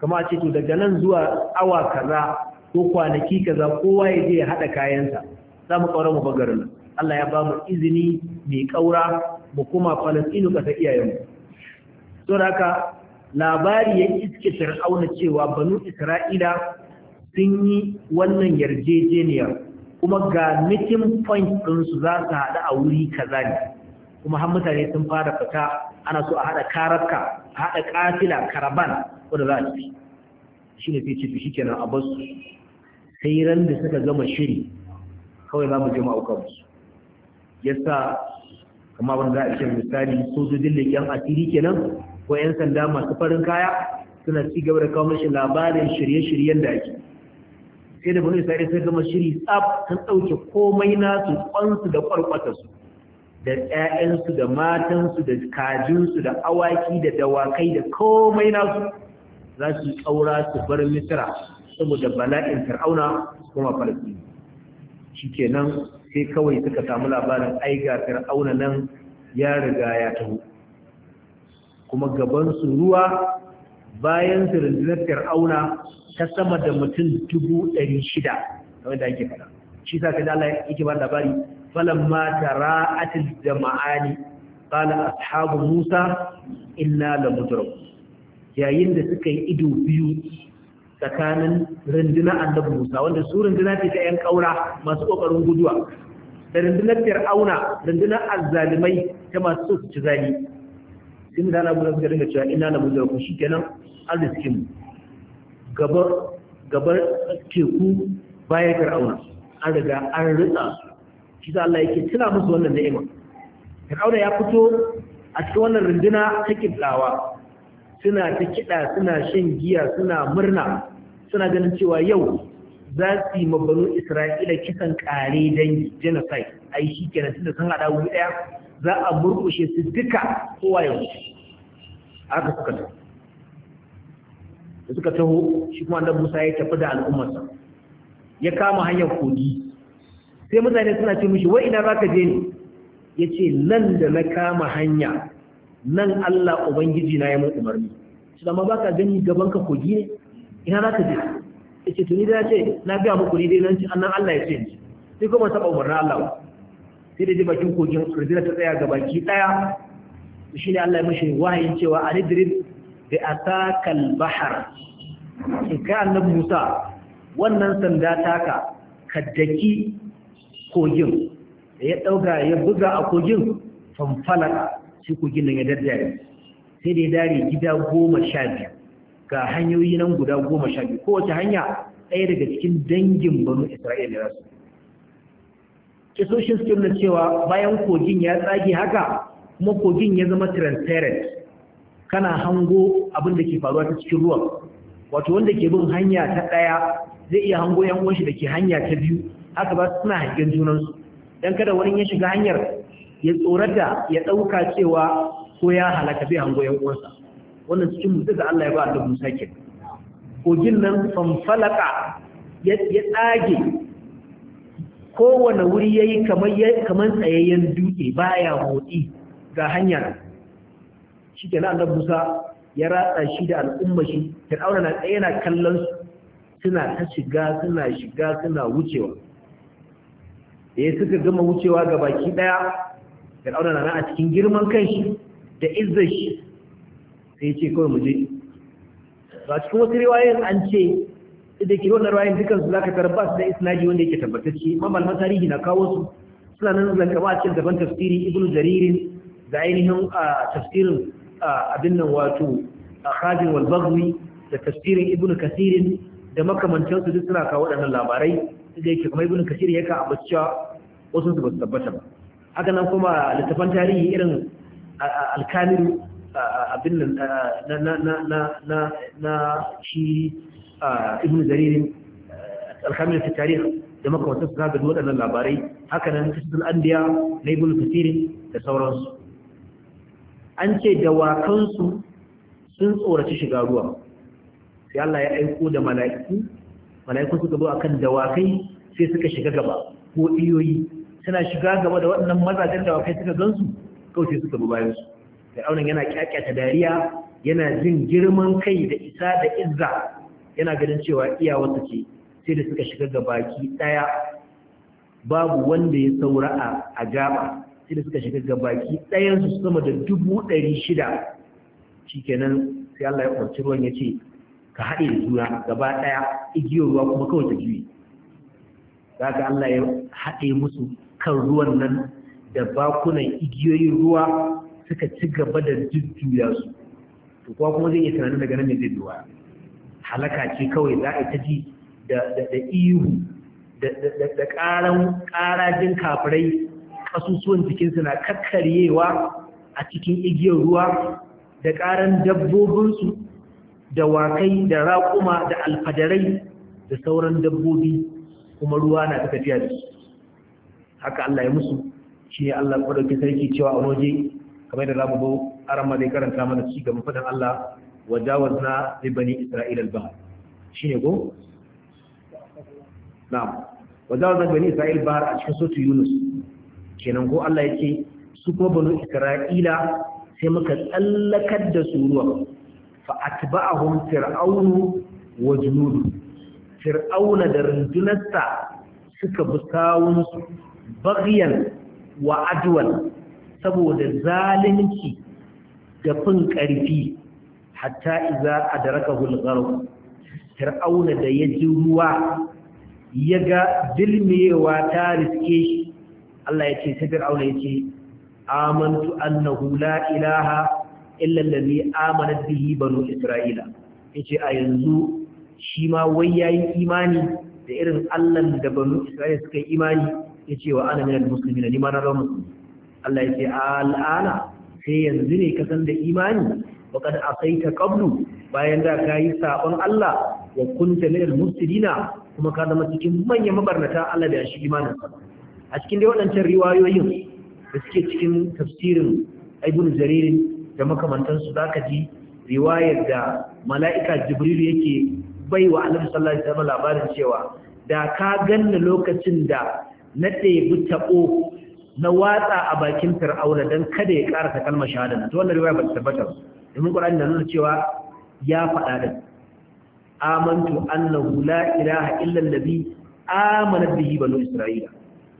kama ce to daga nan zuwa awa kaza ko kwanaki kaza kowa ya je ya haɗa kayansa za mu kaura mu bagar nan Allah ya ba mu izini mai ƙaura mu kuma falastinu ƙasa iyayenmu don haka labari ya iske fir'auna cewa banu isra'ila sun yi wannan yarjejeniya kuma ga meeting point ɗinsu za su haɗu a wuri kaza ne kuma har mutane sun fara fita ana so a haɗa karaka a haɗa kafila karaban wanda za a ci shi ne fi shi kenan a basu sai ran da suka gama shiri kawai za mu je mu yasa kama wani za a ce misali sojojin leƙen asiri kenan ko 'yan sanda masu farin kaya suna ci gaba da kawo mashi labarin shirye-shiryen da ake sai da bani isra'ila sai gama shiri tsaf sun ɗauke komai nasu kwansu da kwarkwata su, da 'ya'yansu da matansu da kajinsu da awaki da dawakai da komai nasu za su tsaura su bar misira saboda bala'in fir'auna kuma koma falasini shikenan sai kawai suka samu labarin ai ga fir'auna nan ya riga ya taho kuma gaban su ruwa bayan rundunar fir'auna ta sama da mutum dubu ɗari shida kamar da ake fara shi sa ka dala yake ba labari falan ma tara atil jama'ani qala ashabu musa inna la yayin da suka yi ido biyu tsakanin rundunar annabi Musa wanda su runduna ce ta 'yan ƙaura masu ƙoƙarin guduwa da rundunar Fir'auna rundunar azzalimai ta masu so su ci zali sun da Allah suka dinga cewa ina na mujar ku shikenan arzikin gabar gabar teku bayan Fir'auna an riga an ritsa shi da Allah yake tuna musu wannan ni'ima Fir'auna ya fito a cikin wannan runduna ta kiblawa suna ta kiɗa suna shan giya suna murna suna ganin cewa yau za su yi mabaru isra'ila kisan kare dangi genocide a yi shi kenan tunda sun haɗa wuri ɗaya za a murkushe su duka kowa yau aka suka taho da suka taho shi kuma annabi musa ya tafi da al'ummarsa ya kama hanyar kogi sai mutane suna ce mishi wa ina zaka je ne yace nan da na kama hanya nan Allah ubangiji na ya mun umarni shi amma baka gani gaban ka kogi ne ina za ka je ce tuni da ce na biya muku ni dai nan annan Allah ya ce ni sai kuma taɓa umarnin Allah sai da ji bakin kogin rizina ta tsaya ga baki ɗaya shi ne Allah ya mashi wahayin cewa a nidirin da a takal bahar in kai annabi musa wannan sanda taka ka daki kogin da ya ɗauka ya buga a kogin fanfalaka shi kogin nan ya daddare sai da ya dare gida goma sha biyu ga hanyoyi nan guda goma sha biyu kowace hanya ɗaya daga cikin dangin banu isra'ila rasu kisoshin suke cewa bayan kogin ya tsage haka kuma kogin ya zama transparent kana hango abin da ke faruwa ta cikin ruwan wato wanda ke bin hanya ta ɗaya zai iya hango yan uwanshi da ke hanya ta biyu haka ba su suna hangen junansu don kada wani ya shiga hanyar ya tsorata ya ɗauka cewa ko ya halaka bai hango yan wannan cikin mutu da Allah ya ba da Musa ke kogin nan fanfalaka ya tsage kowane wuri ya yi kamar tsayayyen dutse baya motsi ga hanyar shi ke na Musa ya ratsa shi da al'umma shi fir'auna na tsaye yana kallon suna ta shiga suna shiga suna wucewa da suka gama wucewa ga baki daya fir'auna na a cikin girman kanshi da izzar shi sai ce kawai mu je ba cikin wasu riwayoyin an ce da ke wannan riwayoyin dukan su zaka tarba su da isnadi wanda yake tabbatacce malaman tarihi na kawo su suna nan zan kama a cikin daban tafsiri ibn jaririn da ainihin tafsirin abin nan wato khazin wal bagwi da tafsirin ibn kasirin da makamantan su duk suna kawo waɗannan labarai da yake kuma ibn kasirin ya kawo cewa wasu su ba su tabbata ba haka nan kuma littafan tarihi irin alkamiru abin nan na na shi ibn jaririn alhamdulillah ta tarih da makamantar su zaga waɗannan labarai haka nan kisdul andiya na ibn kasirin da sauransu an ce dawakansu sun tsoraci shiga ruwa sai Allah ya aiko da mala'iku mala'iku suka zo akan dawakai sai suka shiga gaba ko iyoyi suna shiga gaba da waɗannan mazajen dawakai suka gansu kawai sai suka bi bayansu fir'aunan yana kyakkyata dariya yana jin girman kai da isa da izza yana ganin cewa iyawarsa ce sai da suka shiga ga baki daya babu wanda ya saura a gaba sai da suka shiga ga baki dayansu sama da dubu ɗari shida shikenan sai Allah ya kwanci ruwan ya ce ka haɗe da juna gaba ɗaya igiyar ruwa kuma kawai ta juyi za ka Allah ya haɗe musu kan ruwan nan da bakunan igiyoyin ruwa suka ci gaba da jujjuya su to kuwa kuma zai iya tunanin daga nan ne zai duwa halaka ce kawai za a ta ji da ihu da ƙaran ƙarajin kafirai ƙasusuwan jikinsu na kakkaryewa a cikin igiyar ruwa da ƙaran dabbobinsu da wakai da raƙuma da alfadarai da sauran dabbobi kuma ruwa na ta tafiya da su haka Allah ya musu shi ne Allah ɗauki sarki cewa a waje kamar da zamu zo aran ma zai karanta mana ci gaban fadan Allah wa jawazna li bani isra'ila al-bahr shine go na'am wa jawazna bani isra'ila bahr a cikin sura Yunus kenan ko Allah yake su kuma bani isra'ila sai muka tsallakar da su ruwa fa atba'ahum fir'aunu wa junudu fir'auna da rundunarsa suka bi sawunsu bagiyan wa adwal saboda zalunci da fin ƙarfi hatta iza adraka hulgharu fir'auna da ya ji ruwa ya ga dilmewa ta riske shi Allah ya ce ta fir'auna ya ce amantu annahu la ilaha illa allazi amanat bihi banu isra'ila yace a yanzu shi ma wai yayi imani da irin Allah da banu Isra'ila suka yi imani ya ce wa ana minal musulmi na ma na zama Allah ya ce al'ana sai yanzu ne ka san da imani wa kad asaita qablu bayan da ka yi sabon Allah wa kunta minal mufsidina kuma ka zama cikin manyan mabarnata Allah da shi imanin a cikin dai waɗancan riwayoyin da suke cikin tafsirin Ibn Jarir da makamantansu zaka ji riwayar da mala'ika Jibrilu yake bai wa annabi sallallahu alaihi wasallam labarin cewa da ka ganna lokacin da na ɗebi taɓo na watsa a bakin fir'auna don kada ya karasa kalmar shahada na ta wannan riwaya ba ta tabbata domin qur'ani na nuna cewa ya faɗa da amantu annahu la ilaha illa allazi amanat bihi banu isra'ila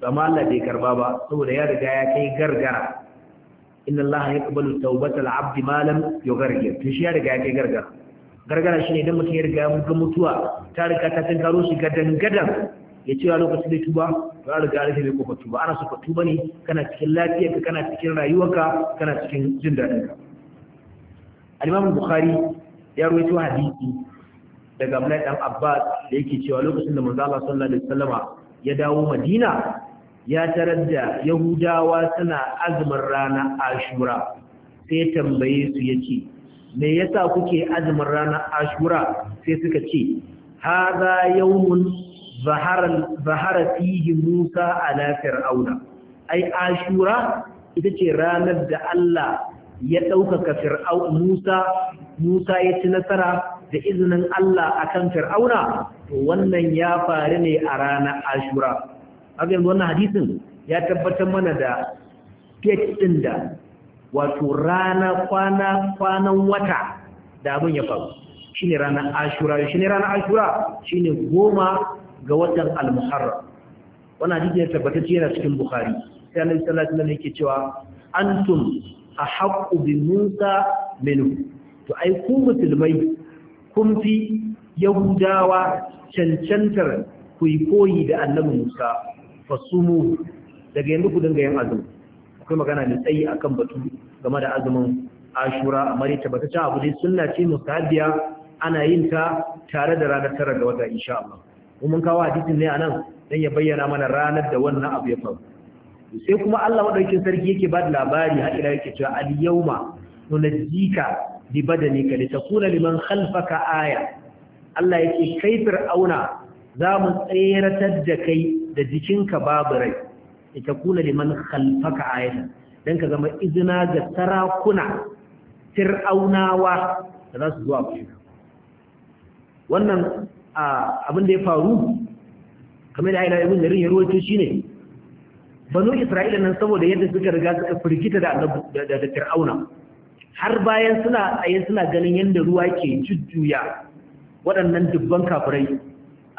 amma Allah bai karba ba saboda ya riga ya kai gargara inna allaha yaqbalu al 'abdi ma lam yughargir to shi ya riga ya kai gargara gargara shine idan mutum ya riga ya mutuwa ta riga ta tinkaro shi ga dangadan ya ce lokacin da tuba ba a riga rufe ko fatu ba ana fatu ba ne kana cikin lafiyarka kana cikin rayuwarka kana cikin jin daɗinka al-imam bukhari ya rawaito hadisi daga Abdullahi dan Abbas da yake cewa lokacin da manzo Allah sallallahu alaihi wasallama ya dawo Madina ya tarar da Yahudawa suna azumin rana Ashura sai tambaye su yace me yasa kuke azumin rana Ashura sai suka ce hadha yawmun zahara fihi Musa ala fir'auna ai ashura ita ce ranar da Allah ya ɗaukaka fir'au Musa Musa ya ci nasara da izinin Allah akan fir'auna to wannan ya faru ne a ranar ashura haka yanzu wannan hadisin ya tabbatar mana da date ɗin da wato rana kwana kwanan wata da abin ya faru shine ranar ashura shine ranar ashura shine goma ga watan al-muharram wannan hadisi ya ce yana cikin bukhari sai annabi sallallahu alaihi wasallam yake cewa antum ahaqqu bi musa minhu to ai ku musulmai kun fi yahudawa cancantar ku yi koyi da annabi musa fasumu daga yanzu ku dinga yin azumi akwai magana mai tsayi akan batu game da azumin ashura Mari tabbata tabbataccen abu dai sunna ce musabiya ana yin ta tare da ranar tara ga wata insha Allah mun kawo hadisin ne anan dan ya bayyana mana ranar da wannan abu ya faru sai kuma Allah madaukakin sarki yake ba da labari har ila yake cewa al yawma nunajjika bi ka litakuna liman khalfaka aya Allah yake kai fir'auna za mu tseratar da kai da jikinka babu rai litakuna liman khalfaka aya dan ka zama izina ga sarakuna fir'aunawa da za su zuwa ku wannan abin da ya faru kamar da ayyana ibn jarir ya shi shine banu isra'ila nan saboda yadda suka riga suka firgita da fir'auna har bayan suna ayin suna ganin yadda ruwa ke jujjuya waɗannan dubban kafirai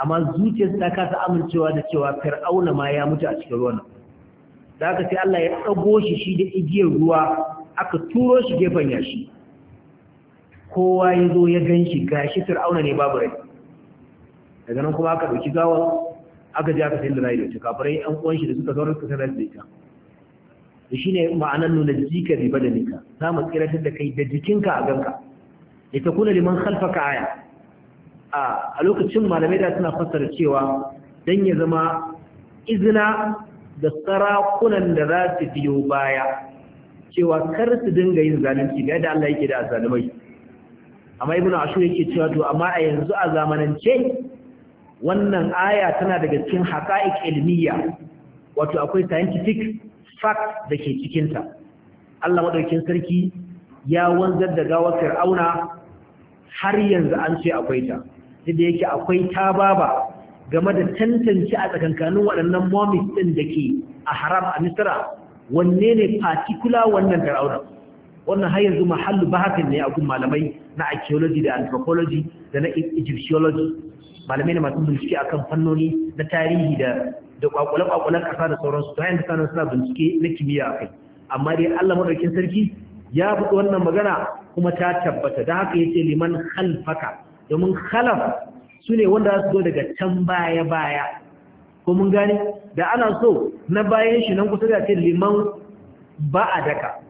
amma zuciyarsu ta kasa amincewa da cewa fir'auna ma ya mutu a cikin ruwan da aka sai Allah ya ɗago shi shi da igiyar ruwa aka turo shi gefen yashi kowa ya zo ya gan shi gashi fir'auna ne babu rai daga nan kuma aka ɗauki gawar aka ji aka sayar da rayu ta kafirai an uwan shi da suka zaura suka sayar da ita da shi ne ma'anar nuna jika da nika. za mu tsiratar da kai da jikinka a ganka da ta kuna liman ka aya a lokacin malamai da suna fassara cewa don ya zama izina da sarakunan da za su biyo baya cewa kar su dinga yin zalunci ga yadda Allah yake da azalumai. amma ibnu ashur yake cewa to amma a yanzu a zamanance wannan aya tana daga cikin haƙa'iƙ ilmiya wato akwai scientific fact da ke cikinta Allah maɗaukin sarki ya wanzar da gawar fir'auna har yanzu an ce akwai ta da yake akwai ta baba game da tantance a tsakankanin waɗannan momis ɗin da ke a haram a misira wanne ne particular wannan fir'auna wannan har yanzu mahallu bahatin ne a gun malamai na archaeology da anthropology da na egyptiology malamai da masu bincike akan fannoni na tarihi da da kwakwale-kwakwalen ƙasa da sauransu ta hanyar sanar suna bincike na kimiyya a amma dai Allah madaukin sarki ya faɗi wannan magana kuma ta tabbata da haka yace liman khalfaka domin khalaf sune wanda za su zo daga can baya baya ko mun gane da ana so na bayan shi nan kusa da ce liman ba'adaka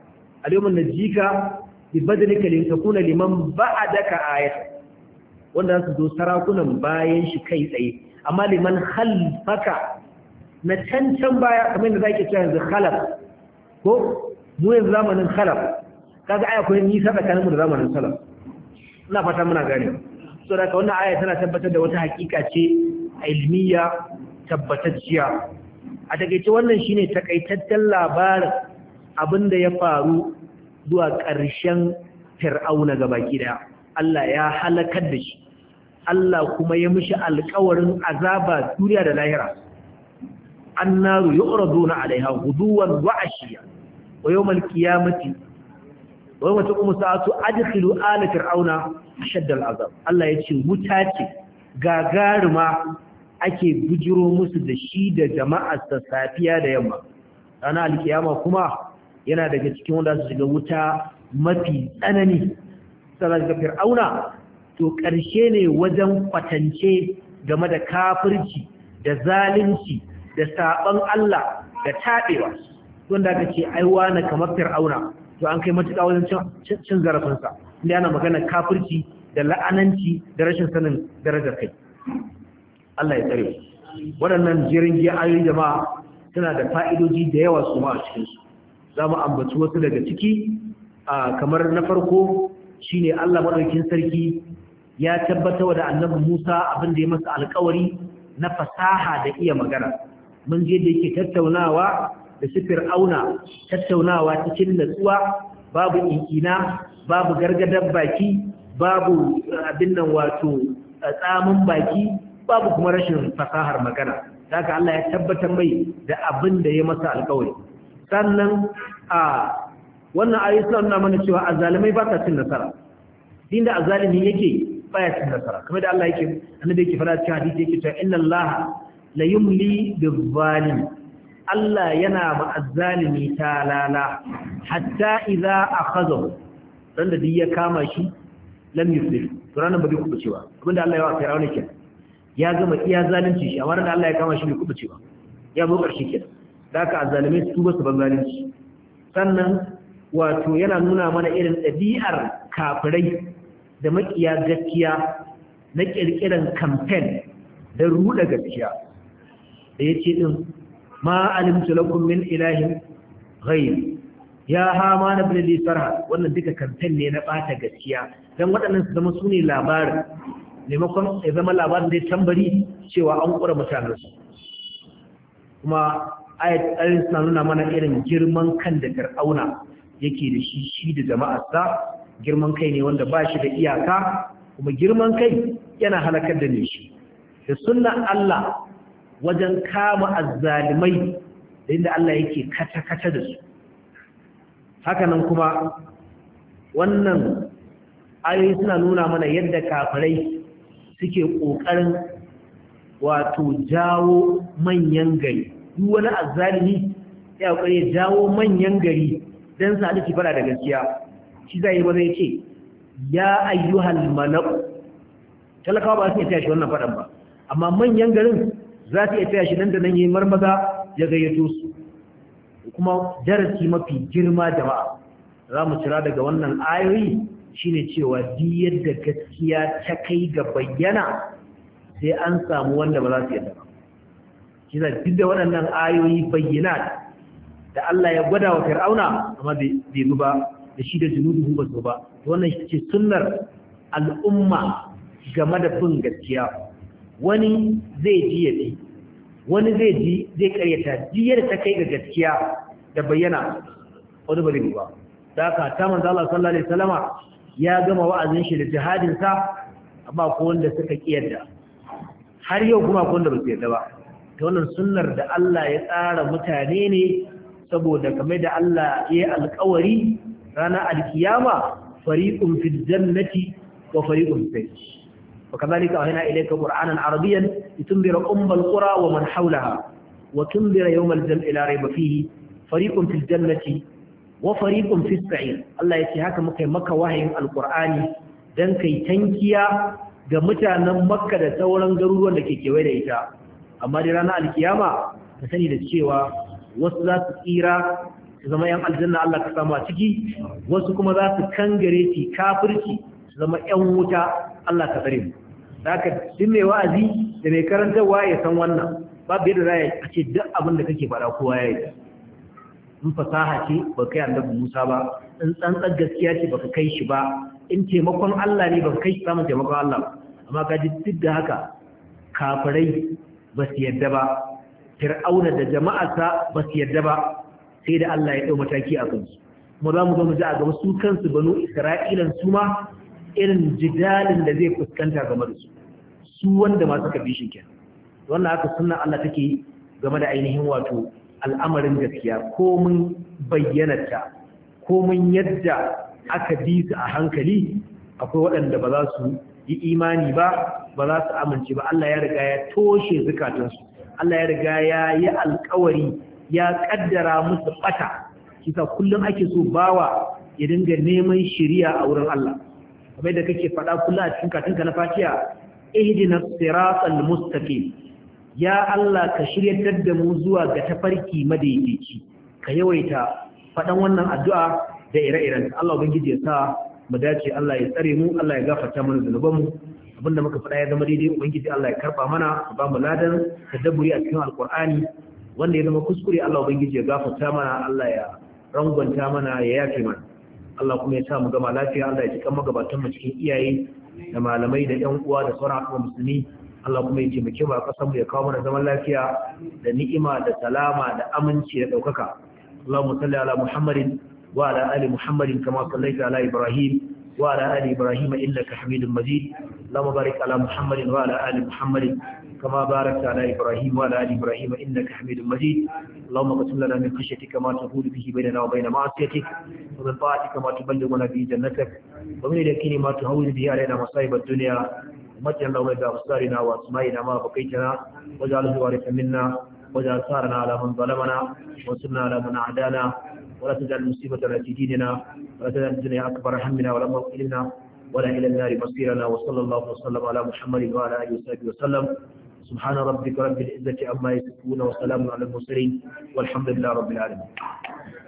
al-yawma najika bi badalika lin takuna liman ba'adaka ayatan wanda za su zo sarakunan bayan shi kai tsaye amma liman halfaka na can can baya kamar da zaki cewa yanzu khalaf ko mu yanzu zamanin khalaf kaga aya ko nisa tsakanin mu da zamanin salaf ina fata muna gane so da wannan aya tana tabbatar da wata hakika ce ilmiya tabbatacciya a takaice wannan shine takaitaccen labarin abin da ya faru zuwa ƙarshen fir'auna gabaki daya Allah ya halakar da shi Allah kuma ya mishi alƙawarin azaba duniya da lahira annaru yu'raduna alaiha ghuduwan wa ashiya wa yawmal qiyamati wa yawma taqumu sa'atu adkhilu ala fir'auna shaddar al'azab Allah ce wuta ce gagaruma ake bujiro musu da shi da jama'a sa safiya da yamma rana alkiyama kuma yana daga cikin wanda su shiga wuta mafi tsanani sai fir'auna to ƙarshe ne wajen kwatance game da kafirci da zalunci da saban Allah da taɓewa wanda aka ce aiwa na kamar fir'auna to an kai matuƙa wajen cin zarafinsa inda ana magana kafirci da la'ananci da rashin sanin darajar kai Allah ya tsare waɗannan jirin ayoyi jama'a suna da fa'idodi da yawa su ma a cikinsu za mu ambaci wasu daga ciki kamar na farko shine Allah maɗaukin sarki ya tabbatar da annabi Musa abin da ya masa alƙawari na fasaha da iya magana mun je da yake tattaunawa da su auna tattaunawa cikin natsuwa babu inkina babu gargadar baki babu abin nan wato eh, tsamin baki babu kuma rashin fasahar magana daga Allah ya tabbatar mai da abin da ya masa alƙawari sannan a ah, wannan ayoyi suna nuna mana cewa azalimai ba ta cin nasara din da azalimi yake baya cin nasara kamar da Allah yake annabi yake fara cikin hadisi yake cewa inna Allah la yumli bizzalim Allah yana ma azzalimi talala hatta idza akhadahu dan da duk ya kama shi lam yuflih to ranan ba zai kuɓa cewa abin da Allah ya wa Fir'auna ke ya gama iya zalunci shi amma da Allah ya kama shi bai kuɓa cewa ya zo ƙarshe ke da aka azzalimai su ba su ban zalunci sannan wato yana nuna mana irin ɗabi'ar kafirai da makiya gaskiya na ƙirƙiran kamfen da ruɗa gaskiya da ya ce ɗin ma alimtu lakum min ilahin ghayr ya hama na bin lisarha wannan duka kamfen ne na ɓata gaskiya don waɗannan su zama su ne labarin maimakon ya zama labarin ya tambari cewa an ƙura su kuma ayat ayin suna nuna mana irin girman kan da fir'auna yake da shi shi da jama'arsa girman kai ne wanda ba shi da iyaka kuma girman kai yana halakar da ne shi da sunna Allah wajen kama azzalimai da inda Allah yake kata-kata da su hakanan kuma wannan ayoyi suna nuna mana yadda kafirai suke ƙoƙarin wato jawo manyan gari duk wani azzalimi ya ƙoƙari jawo manyan gari dan sa ki fara da gaskiya shi zai ya ce ya ayyuhal malak talakawa ba su iya taya shi wannan faɗan ba amma manyan garin za su iya shi nan da nan yi marmaza ya gayyato su kuma darasi mafi girma jama'a za mu cira daga wannan ayoyi shine cewa di yadda gaskiya ta kai ga bayyana sai an samu wanda ba za su yadda ba shi duk da waɗannan ayoyi bayyana da Allah ya gwada wa fir'auna amma bai bi ba da shi da junuduhu ba so ba wannan shi ce sunnar al'umma game da bin gaskiya wani zai ji ya bi wani zai ji zai karyata jiyar ta kai ga gaskiya da bayyana wani bari ba da ka ta manzo Allah sallallahu alaihi wasallama ya gama wa'azin shi da jihadin sa amma ko wanda suka kiyarda har yau kuma ko wanda ba ta wannan sunnar da Allah ya tsara mutane ne saboda game da Allah ya alkawari rana alkiyama fariqun fil jannati wa fariqun fil jannati wa kadhalika ahina ilayka qur'anan arabiyan litunzira ummal qura wa man hawlaha wa tunzira yawmal jam'i la rayba fihi fariqun fil jannati wa fariqun fil sa'ir haka muka maka wahayin alqur'ani dan kai tankiya ga mutanen makka da sauran garuruwan da ke kewaye da ita amma da rana alkiyama ta sani da cewa wasu za su tsira su zama yan aljanna Allah ka samu a ciki wasu kuma za su kangare su kafirci su zama yan wuta Allah ka tsare mu haka duk mai wa'azi da mai karantarwa ya san wannan babu yadda za a ce duk abin da kake fara kowa ya yi in fasaha ce ba kai annabi Musa ba in tsantsar gaskiya ce baka kai shi ba in taimakon Allah ne baka kai shi samun taimakon Allah amma ka ji duk da haka kafirai ba su yadda ba fir'auna da jama'arsa ba su yarda ba sai da Allah ya ɗau mataki a kansu kuma za mu zo mu ji a gaba su kansu banu isra'ilan su ma irin jidalin da zai fuskanta game da su su wanda ma suka bi shi kenan wannan haka sunna Allah take game da ainihin wato al'amarin gaskiya ko mun ta ko mun yadda aka bi su a hankali akwai waɗanda ba za su yi imani ba ba za su amince ba Allah ya riga ya toshe zukatansu Allah ya riga ya yi alkawari ya kaddara musu bata kisa kullum ake so bawa ya dinga neman shiriya a wurin Allah kamar da kake faɗa kullum a cikin katinka na fatiya ihdina siratal mustaqim ya Allah ka shiryatar da mu zuwa ga tafarki madaidaici ka yawaita faɗan wannan addu'a da ire iren Allah ubangiji ya sa mu dace Allah ya tsare mu Allah ya gafarta mana mu. abinda muka faɗa ya zama daidai ubangiji Allah ya karba mana ba mu ladan tadabburi a cikin alqur'ani wanda ya zama kuskure Allah ubangiji ya gafarta mana Allah ya rangwanta mana ya yafe mana Allah kuma ya sa mu gama lafiya Allah ya cika magabatan mu cikin iyaye da malamai da ƴan uwa da sauran al'umma musulmi Allah kuma ya taimake mu a ƙasar mu ya kawo mana zaman lafiya da ni'ima da salama da aminci da ɗaukaka Allahumma salli ala Muhammadin wa ala ali Muhammadin kama sallaita ala Ibrahim وعلى آل إبراهيم إنك حميد مجيد اللهم بارك على محمد وعلى آل محمد كما باركت على إبراهيم وعلى آل إبراهيم إنك حميد مجيد اللهم اقسم لنا من خشيتك ما تقول به بيننا وبين معصيتك ومن طاعتك ما تبلغنا به جنتك ومن اليقين ما تهون به علينا مصائب الدنيا ومتعنا اللهم بأبصارنا وأسمائنا ما بقيتنا واجعله وارثا منا واجعل ثارنا على من ظلمنا وانصرنا على من عادانا ولا تجعل مصيبتنا في ديننا ولا تجعل الدنيا أكبر همنا ولا مغفرنا ولا إلى النار مصيرنا وصلى الله وسلم على محمد وعلى آله وصحبه وسلم سبحان ربك رب العزة عما يصفون وسلام على المرسلين والحمد لله رب العالمين